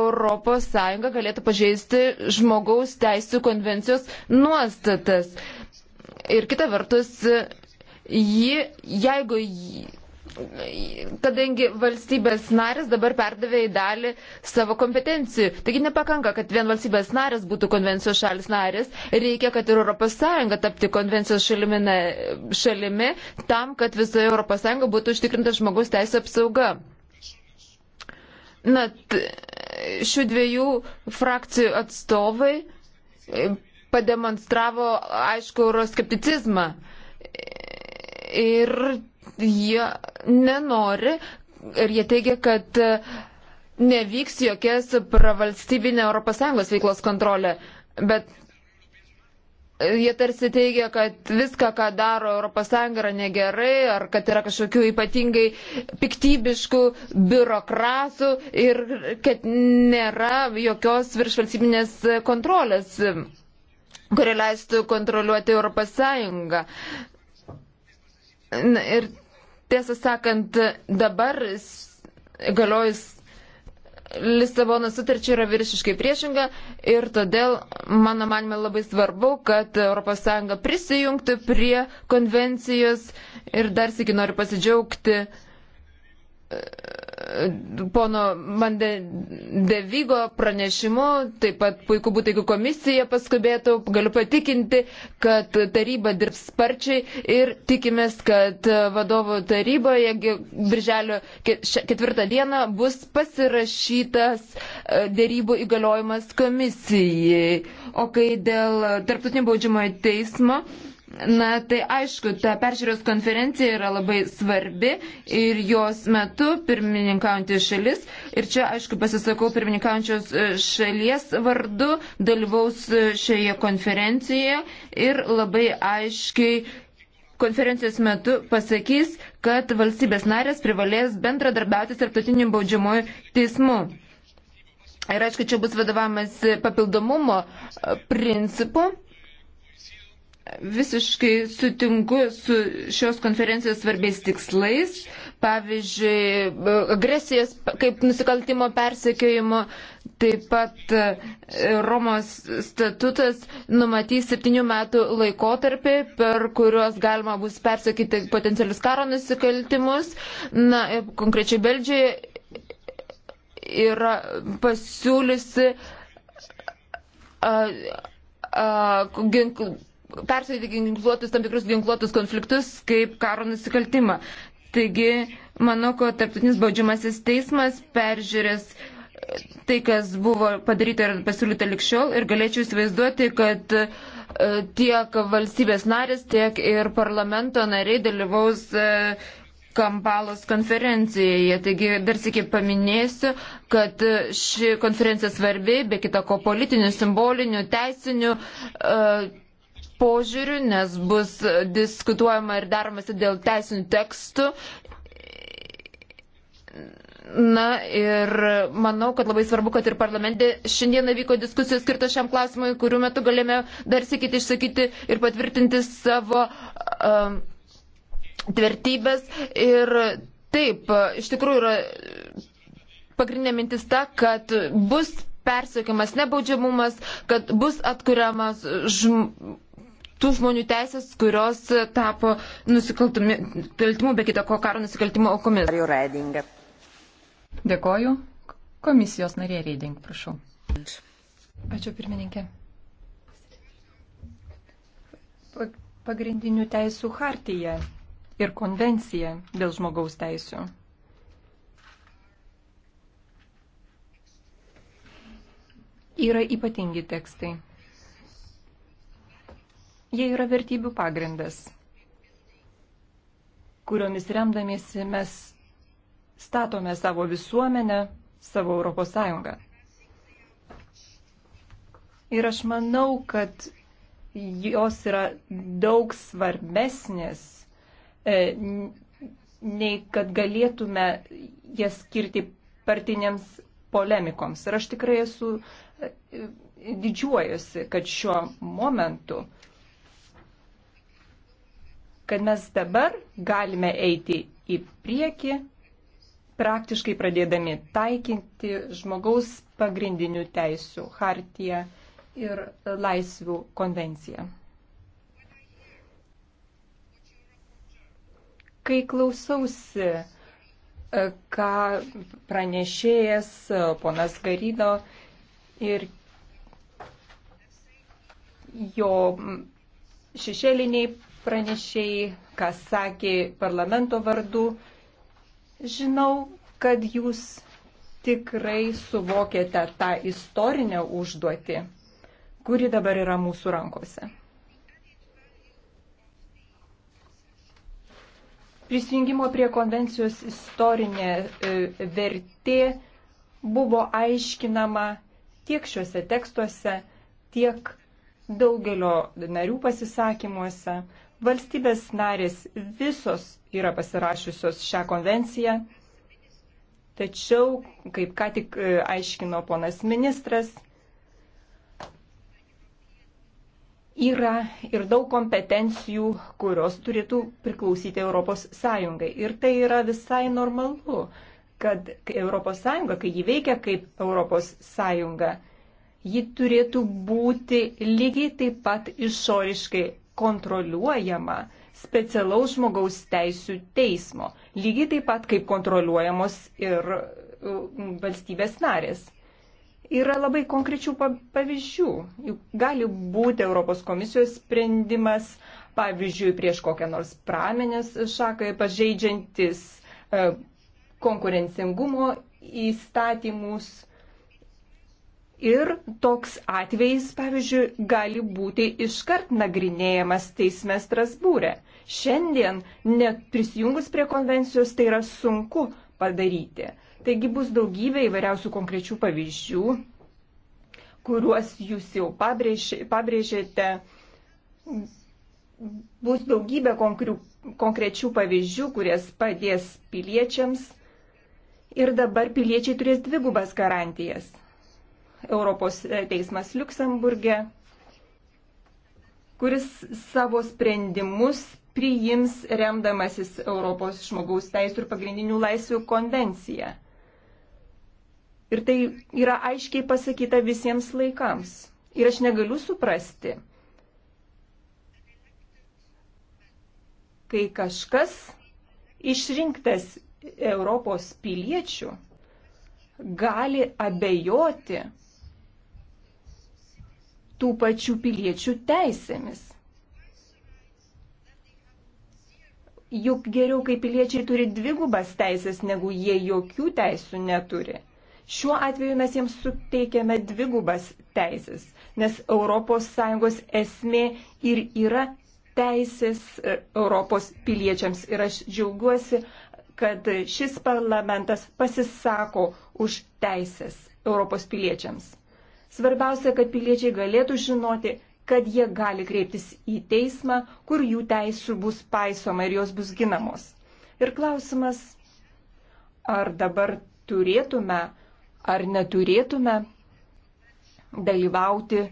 Europos Sąjunga galėtų pažeisti žmogaus teisų konvencijos nuostatas. Ir kita vertus, ji, jeigu kadangi valstybės narės dabar perdavė į dalį savo kompetencijų. Taigi nepakanka, kad vien valstybės narės būtų konvencijos šalis narės, reikia, kad ir ES tapti konvencijos šalimi, šalimi tam, kad visoje ES būtų užtikrinta žmogus teisų apsauga. Na, šių dviejų frakcijų atstovai e, pademonstravo aišku euroskepticizmą. Ir jie nenori ir jie teigia, kad e, nevyks jokias pravalstybinė ES veiklos kontrolė. Bet jie tarsi teigia, kad viską, ką daro ES yra negerai, ar kad yra kažkokių ypatingai piktybiškų biurokratų ir kad nėra jokios viršvalstybinės kontrolės, kuri leistų kontroliuoti ES. Ir Tiesą sakant, dabar galiojus Lisabono sutarčiai yra viršiškai priešinga ir todėl, mano manime, labai svarbu, kad ES prisijungtų prie konvencijos ir dar sėki noriu pasidžiaugti e, pono Mande, Devygo pranešimu, taip pat puiku būtų, jeigu komisija paskubėtų, galiu patikinti, kad taryba dirbs sparčiai ir tikimės, kad vadovų taryboje birželio ketvirtą dieną bus pasirašytas e, dėrybų įgaliojimas komisijai. O kai dėl tarptautinio baudžiamojo teismo, Na, tai aišku, ta peržiūros konferencija yra labai svarbi ir jos metu pirmininkaujantis šalis, ir čia, aišku, pasisakau pirmininkaujančios e, šalies vardu, dalyvaus e, šioje konferencijoje ir labai aiškiai konferencijos metu pasakys, kad valstybės narės privalės bendradarbiauti tarptautiniu baudžiamuoju teismu. Ir aišku, čia bus vadovamas papildomumo e, principu visiškai sutinku su šios konferencijos svarbiais tikslais, pavyzdžiui, agresijas kaip nusikaltimo persekiojimo, taip pat e, Romos statutas numatys septynių metų laikotarpį, per kuriuos galima bus persekyti potencialius karo nusikaltimus, na, konkrečiai Belgijoje yra pasiūliusi. A, a, ginkl, persveikti ginkluotus, tam tikrus ginkluotus konfliktus kaip karo nusikaltimą. Taigi, manau, kad tarptautinis baudžiamasis teismas peržiūrės e, tai, kas buvo padaryta ir pasiūlyta likščiol ir galėčiau įsivaizduoti, kad e, tiek valstybės narės, tiek ir parlamento nariai dalyvaus e, Kampalos konferencijoje. Taigi dar sėkiai paminėsiu, kad ši konferencija svarbi, be kita ko politinių, simbolinių, teisinių. Uh, požiūriu, nes bus diskutuojama ir daromasi dėl teisinių tekstų. Na ir manau, kad labai svarbu, kad ir parlamente šiandieną vyko diskusijos skirtos šiam klausimui, kurių metu galėjome dar sakyti, išsakyti ir patvirtinti savo um, tvirtybės. Ir taip, iš tikrųjų yra pagrindinė mintis ta, kad bus persiekiamas nebaudžiamumas, kad bus atkuriamas žm tų žmonių teisės, kurios tapo nusikaltimų, be kita ko, karo nusikaltimo aukomis. Dėkoju. Komisijos narė Reiding, prašau. Ačiū pirmininkė. Pagrindinių teisų hartija ir konvencija dėl žmogaus teisų. Yra ypatingi tekstai. Jie yra vertybių pagrindas, kuriomis remdamiesi mes statome savo visuomenę, savo Europos Sąjungą. Ir aš manau, kad jos yra daug svarbesnės, e, nei kad galėtume jas skirti partiniams polemikoms. Ir aš tikrai esu e, didžiuojusi, kad šiuo momentu kad mes dabar galime eiti į priekį, praktiškai pradėdami taikinti žmogaus pagrindinių teisių hartiją ir laisvių konvenciją. Kai klausausi, e, ką pranešėjas e, ponas Garydo ir jo šešėliniai pranešėjai, kas sakė parlamento vardu. Žinau, kad jūs tikrai suvokėte tą istorinę užduotį, kuri dabar yra mūsų rankose. Prisijungimo prie konvencijos istorinė e, vertė buvo aiškinama tiek šiuose tekstuose, tiek daugelio narių pasisakymuose, Valstybės narės visos yra pasirašiusios šią konvenciją, tačiau, kaip ką tik e, aiškino ponas ministras, yra ir daug kompetencijų, kurios turėtų priklausyti Europos Sąjungai. Ir tai yra visai normalu, kad Europos Sąjunga, kai ji veikia kaip Europos Sąjunga, ji turėtų būti lygiai taip pat išoriškai kontroliuojama specialaus žmogaus teisų teismo, lygiai taip pat kaip kontroliuojamos ir e, valstybės narės. Yra labai konkrečių pavyzdžių. Juk gali būti Europos komisijos sprendimas, pavyzdžiui, prieš kokią nors pramenės šaką pažeidžiantis e, konkurencingumo įstatymus Ir toks atvejis, pavyzdžiui, gali būti iškart nagrinėjamas teisme Strasbūrė. Šiandien, net prisijungus prie konvencijos, tai yra sunku padaryti. Taigi bus daugybė įvairiausių konkrečių pavyzdžių, kuriuos jūs jau pabrėžėte. Bus daugybė konkrečių pavyzdžių, kuries padės piliečiams. Ir dabar piliečiai turės dvigubas garantijas Europos e, teismas Luksemburgė, kuris savo sprendimus priims remdamasis Europos žmogaus teisų ir pagrindinių laisvių konvenciją. Ir tai yra aiškiai pasakyta visiems laikams. Ir aš negaliu suprasti, kai kažkas išrinktas Europos piliečių gali abejoti tų pačių piliečių teisėmis. Juk geriau, kai piliečiai turi dvigubas teisės, negu jie jokių teisų neturi. Šiuo atveju mes jiems suteikiame dvigubas teisės, nes ES esmė ir yra teisės e, Europos piliečiams. Ir aš džiaugiuosi, kad šis parlamentas pasisako už teisės Europos piliečiams. Svarbiausia, kad piliečiai galėtų žinoti, kad jie gali kreiptis į teismą, kur jų teisų bus paisoma ir jos bus ginamos. Ir klausimas, ar dabar turėtume ar neturėtume dalyvauti,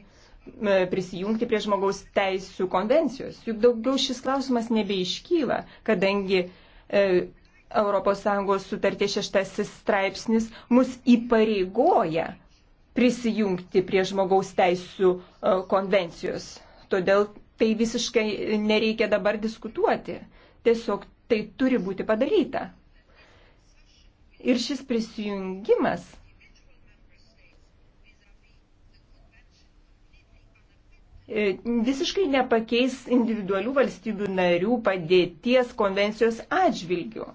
prisijungti prie žmogaus teisų konvencijos. Juk daugiau šis klausimas nebeiškyla, kadangi e, ES sutartė šeštasis straipsnis mus įpareigoja prisijungti prie žmogaus teisų e, konvencijos. Todėl tai visiškai nereikia dabar diskutuoti. Tiesiog tai turi būti padaryta. Ir šis prisijungimas e, visiškai nepakeis individualių valstybių narių padėties konvencijos atžvilgių.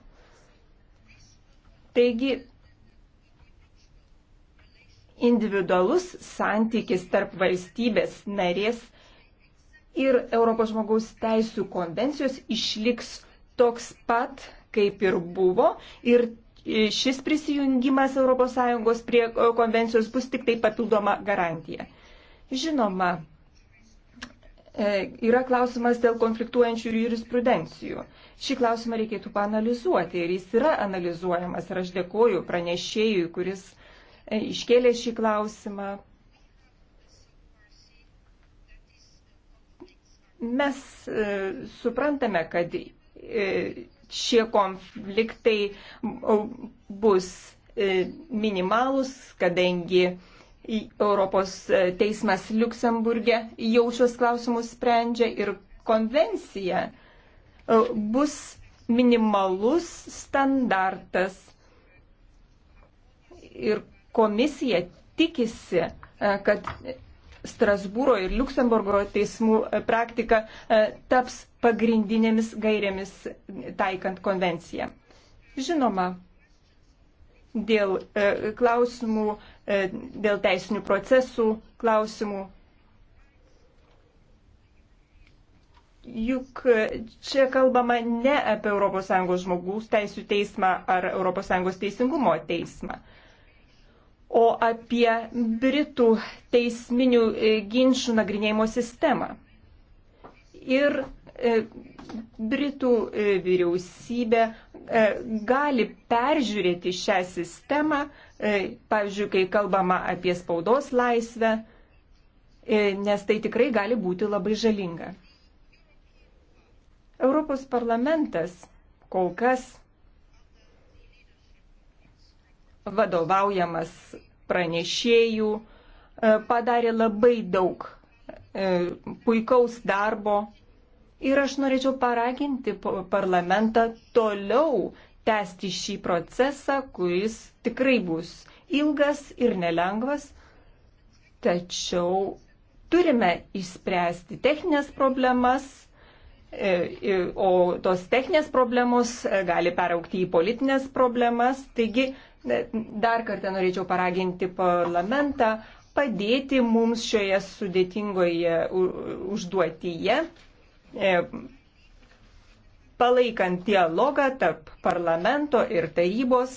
Taigi individualus santykis tarp valstybės narės ir Europos žmogaus teisų konvencijos išliks toks pat, kaip ir buvo. Ir e, šis prisijungimas ES prie e, konvencijos bus tik tai papildoma garantija. Žinoma, e, yra klausimas dėl konfliktuojančių jurisprudencijų. Šį klausimą reikėtų panalizuoti ir jis yra analizuojamas ir aš dėkoju pranešėjui, kuris E, iškėlė šį klausimą. Mes e, suprantame, kad e, šie konfliktai bus minimalus, kadangi Europos teismas Luksemburgė jau šios klausimus sprendžia ir konvencija bus minimalus standartas ir komisija tikisi, e, kad Strasbūro ir Luksemburgo teismų e, praktika e, taps pagrindinėmis gairėmis taikant konvenciją. Žinoma, dėl klausimų, dėl teisinių procesų klausimų. Juk čia kalbama ne apie ES žmogaus teisų teismą ar ES teisingumo teismą o apie Britų teisminių e, ginčių nagrinėjimo sistemą. Ir e, Britų e, vyriausybė gali peržiūrėti šią sistemą, pavyzdžiui, kai kalbama apie spaudos laisvę, nes tai tikrai gali būti labai žalinga. Europos parlamentas kol kas vadovaujamas pranešėjų, e, padarė labai daug e, puikaus darbo. Ir aš norėčiau paraginti parlamentą toliau tęsti šį procesą, kuris tikrai bus ilgas ir nelengvas, tačiau turime išspręsti techninės problemas, e, o tos techninės problemos gali peraukti į politinės problemas, taigi Dar kartą norėčiau paraginti parlamentą padėti mums šioje sudėtingoje užduotyje, e, palaikant dialogą tarp parlamento ir tarybos.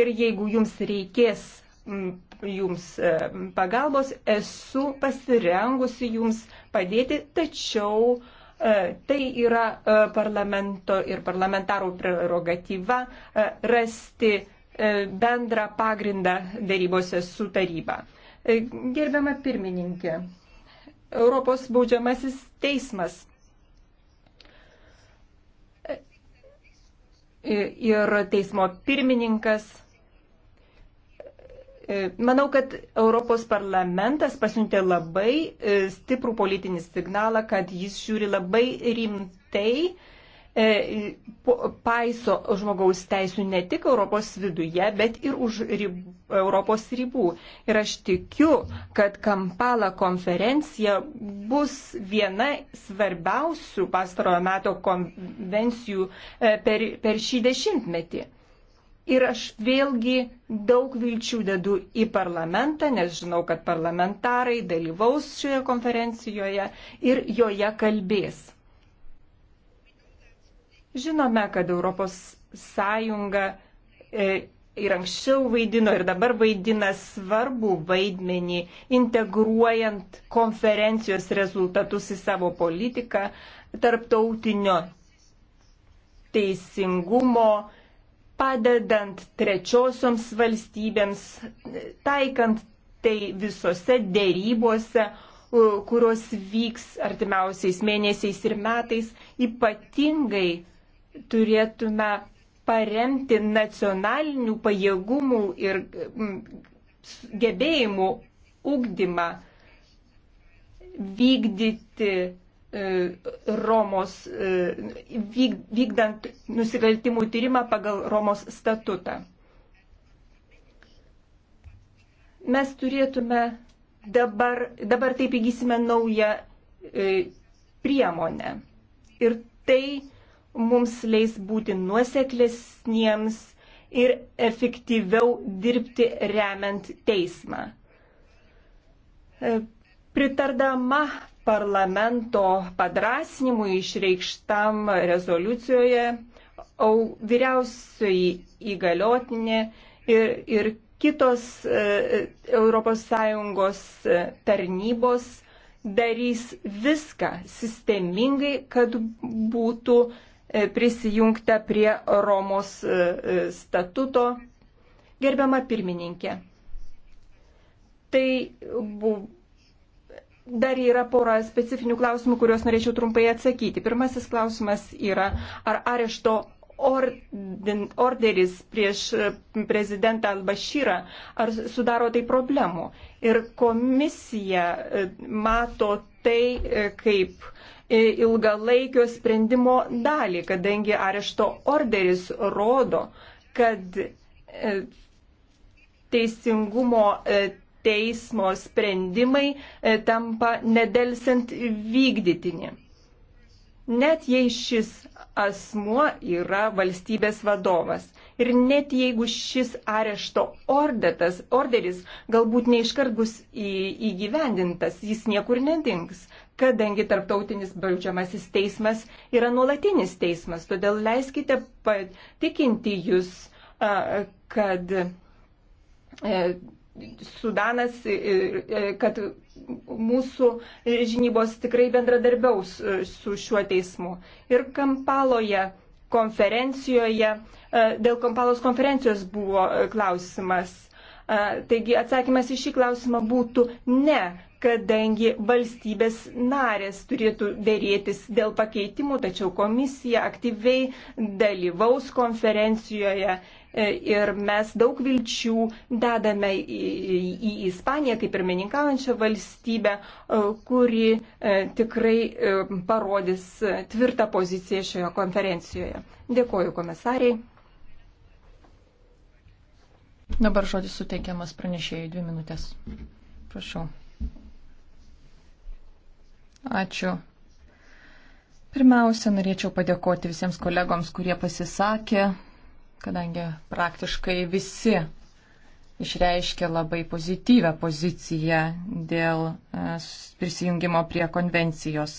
Ir jeigu jums reikės jums e, pagalbos, esu pasirengusi jums padėti, tačiau e, tai yra parlamento ir parlamentarų prerogatyva rasti E, bendrą pagrindą darybose su taryba. E, gerbiama pirmininkė, Europos baudžiamasis teismas e, ir teismo pirmininkas. Manau, kad Europos parlamentas pasiuntė labai stiprų politinį signalą, kad jis žiūri labai rimtai E, paiso žmogaus teisų ne tik Europos viduje, bet ir už rib, Europos ribų. Ir aš tikiu, kad Kampala konferencija bus viena svarbiausių pastarojo meto konvencijų e, per, per šį dešimtmetį. Ir aš vėlgi daug vilčių dedu į parlamentą, nes žinau, kad parlamentarai dalyvaus šioje konferencijoje ir joje kalbės. Žinome, kad Europos Sąjunga e, ir anksčiau vaidino ir dabar vaidina svarbų vaidmenį, integruojant konferencijos rezultatus į savo politiką, tarptautinio teisingumo, padedant trečiosioms valstybėms, taikant tai visose dėrybose, kurios vyks artimiausiais mėnesiais ir metais, ypatingai turėtume paremti nacionalinių pajėgumų ir gebėjimų ugdymą, vykdyti e, Romos, e, vykdant nusikaltimų tyrimą pagal Romos statutą. Mes turėtume dabar, dabar taip įgysime naują e, priemonę. Ir tai mums leis būti nuoseklesniems ir efektyviau dirbti remiant teismą. E, pritardama parlamento padrasnimui išreikštam rezoliucijoje, vyriausioji įgaliotinė ir, ir kitos ES e, tarnybos darys viską sistemingai, kad būtų uh, E, prisijungta prie Romos e, e, statuto. Gerbiama pirmininkė, tai buvo. Dar yra pora specifinių klausimų, kuriuos norėčiau trumpai atsakyti. Pirmasis klausimas yra, ar arešto ordin, orderis prieš prezidentą Albašyrą, ar sudaro tai problemų. Ir komisija mato tai kaip ilgalaikio sprendimo dalį, kadangi arešto orderis rodo, kad e, teisingumo e, teismo sprendimai e, tampa nedelsiant vykdytini. Net jei šis asmuo yra valstybės vadovas ir net jeigu šis arešto ordetas, orderis galbūt neiškart bus į, įgyvendintas, jis niekur nedings kadangi tarptautinis baudžiamasis teismas yra nuolatinis teismas. Todėl leiskite patikinti jūs, kad e, Sudanas, e, e, kad mūsų žinybos tikrai bendradarbiaus su šiuo teismu. Ir Kampaloje konferencijoje, dėl Kampalos konferencijos buvo klausimas. Taigi atsakymas į šį klausimą būtų ne kadangi valstybės narės turėtų dėrėtis dėl pakeitimų, tačiau komisija aktyviai dalyvaus konferencijoje e, ir mes daug vilčių dedame į, į Ispaniją kaip pirmininkaujančią valstybę, e, kuri e, tikrai parodys tvirtą poziciją šioje konferencijoje. Dėkoju komisariai. Dabar žodis suteikiamas pranešėjai dvi minutės. Prašau. Ačiū. Pirmiausia, norėčiau padėkoti visiems kolegoms, kurie pasisakė, kadangi praktiškai visi išreiškė labai pozityvę poziciją dėl e, prisijungimo prie konvencijos.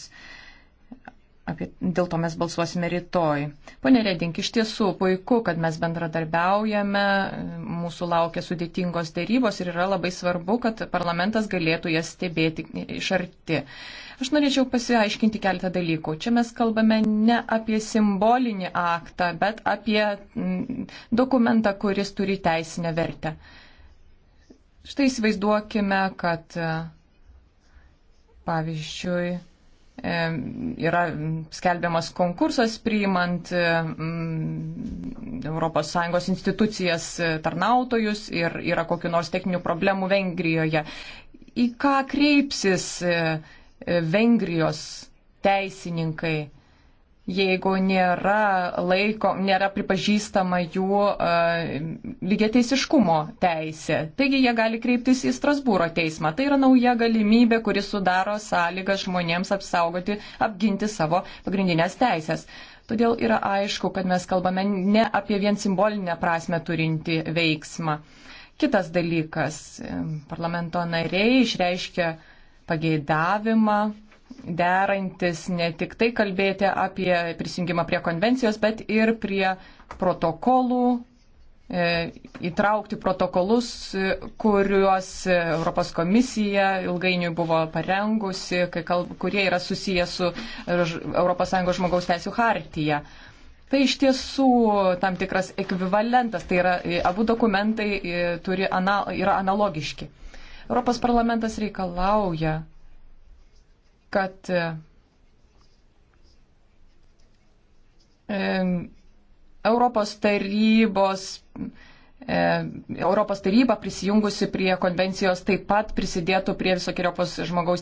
Apie, dėl to mes balsuosime rytoj. Pone Redink, iš tiesų puiku, kad mes bendradarbiaujame, mūsų laukia sudėtingos dėrybos ir yra labai svarbu, kad parlamentas galėtų jas stebėti iš arti. Aš norėčiau pasiaiškinti keletą dalykų. Čia mes kalbame ne apie simbolinį aktą, bet apie mm, dokumentą, kuris turi teisinę vertę. Štai įsivaizduokime, kad pavyzdžiui, E, yra skelbiamas konkursas priimant e, mm, ES institucijas e, tarnautojus ir yra kokiu nors techninių problemų Vengrijoje. Į ką kreipsis Vengrijos teisininkai? jeigu nėra laiko, nėra pripažįstama jų uh, lygiateisiškumo teisė. Taigi jie gali kreiptis į Strasbūro teismą. Tai yra nauja galimybė, kuri sudaro sąlygą žmonėms apsaugoti, apginti savo pagrindinės teisės. Todėl yra aišku, kad mes kalbame ne apie vien simbolinę prasme turinti veiksmą. Kitas dalykas, parlamento nariai išreiškia pageidavimą derantis ne tik tai kalbėti apie prisijungimą prie konvencijos, bet ir prie protokolų, e, įtraukti protokolus, e, kuriuos Europos komisija ilgainiui buvo parengusi, kalb, kurie yra susiję su ES žmogaus teisų hartyje. Tai iš tiesų tam tikras ekvivalentas, tai yra e, abu dokumentai turi, yra analogiški. Europos parlamentas reikalauja kad Europos tarybos Europos taryba prisijungusi prie konvencijos taip pat prisidėtų prie visokiojopos žmogaus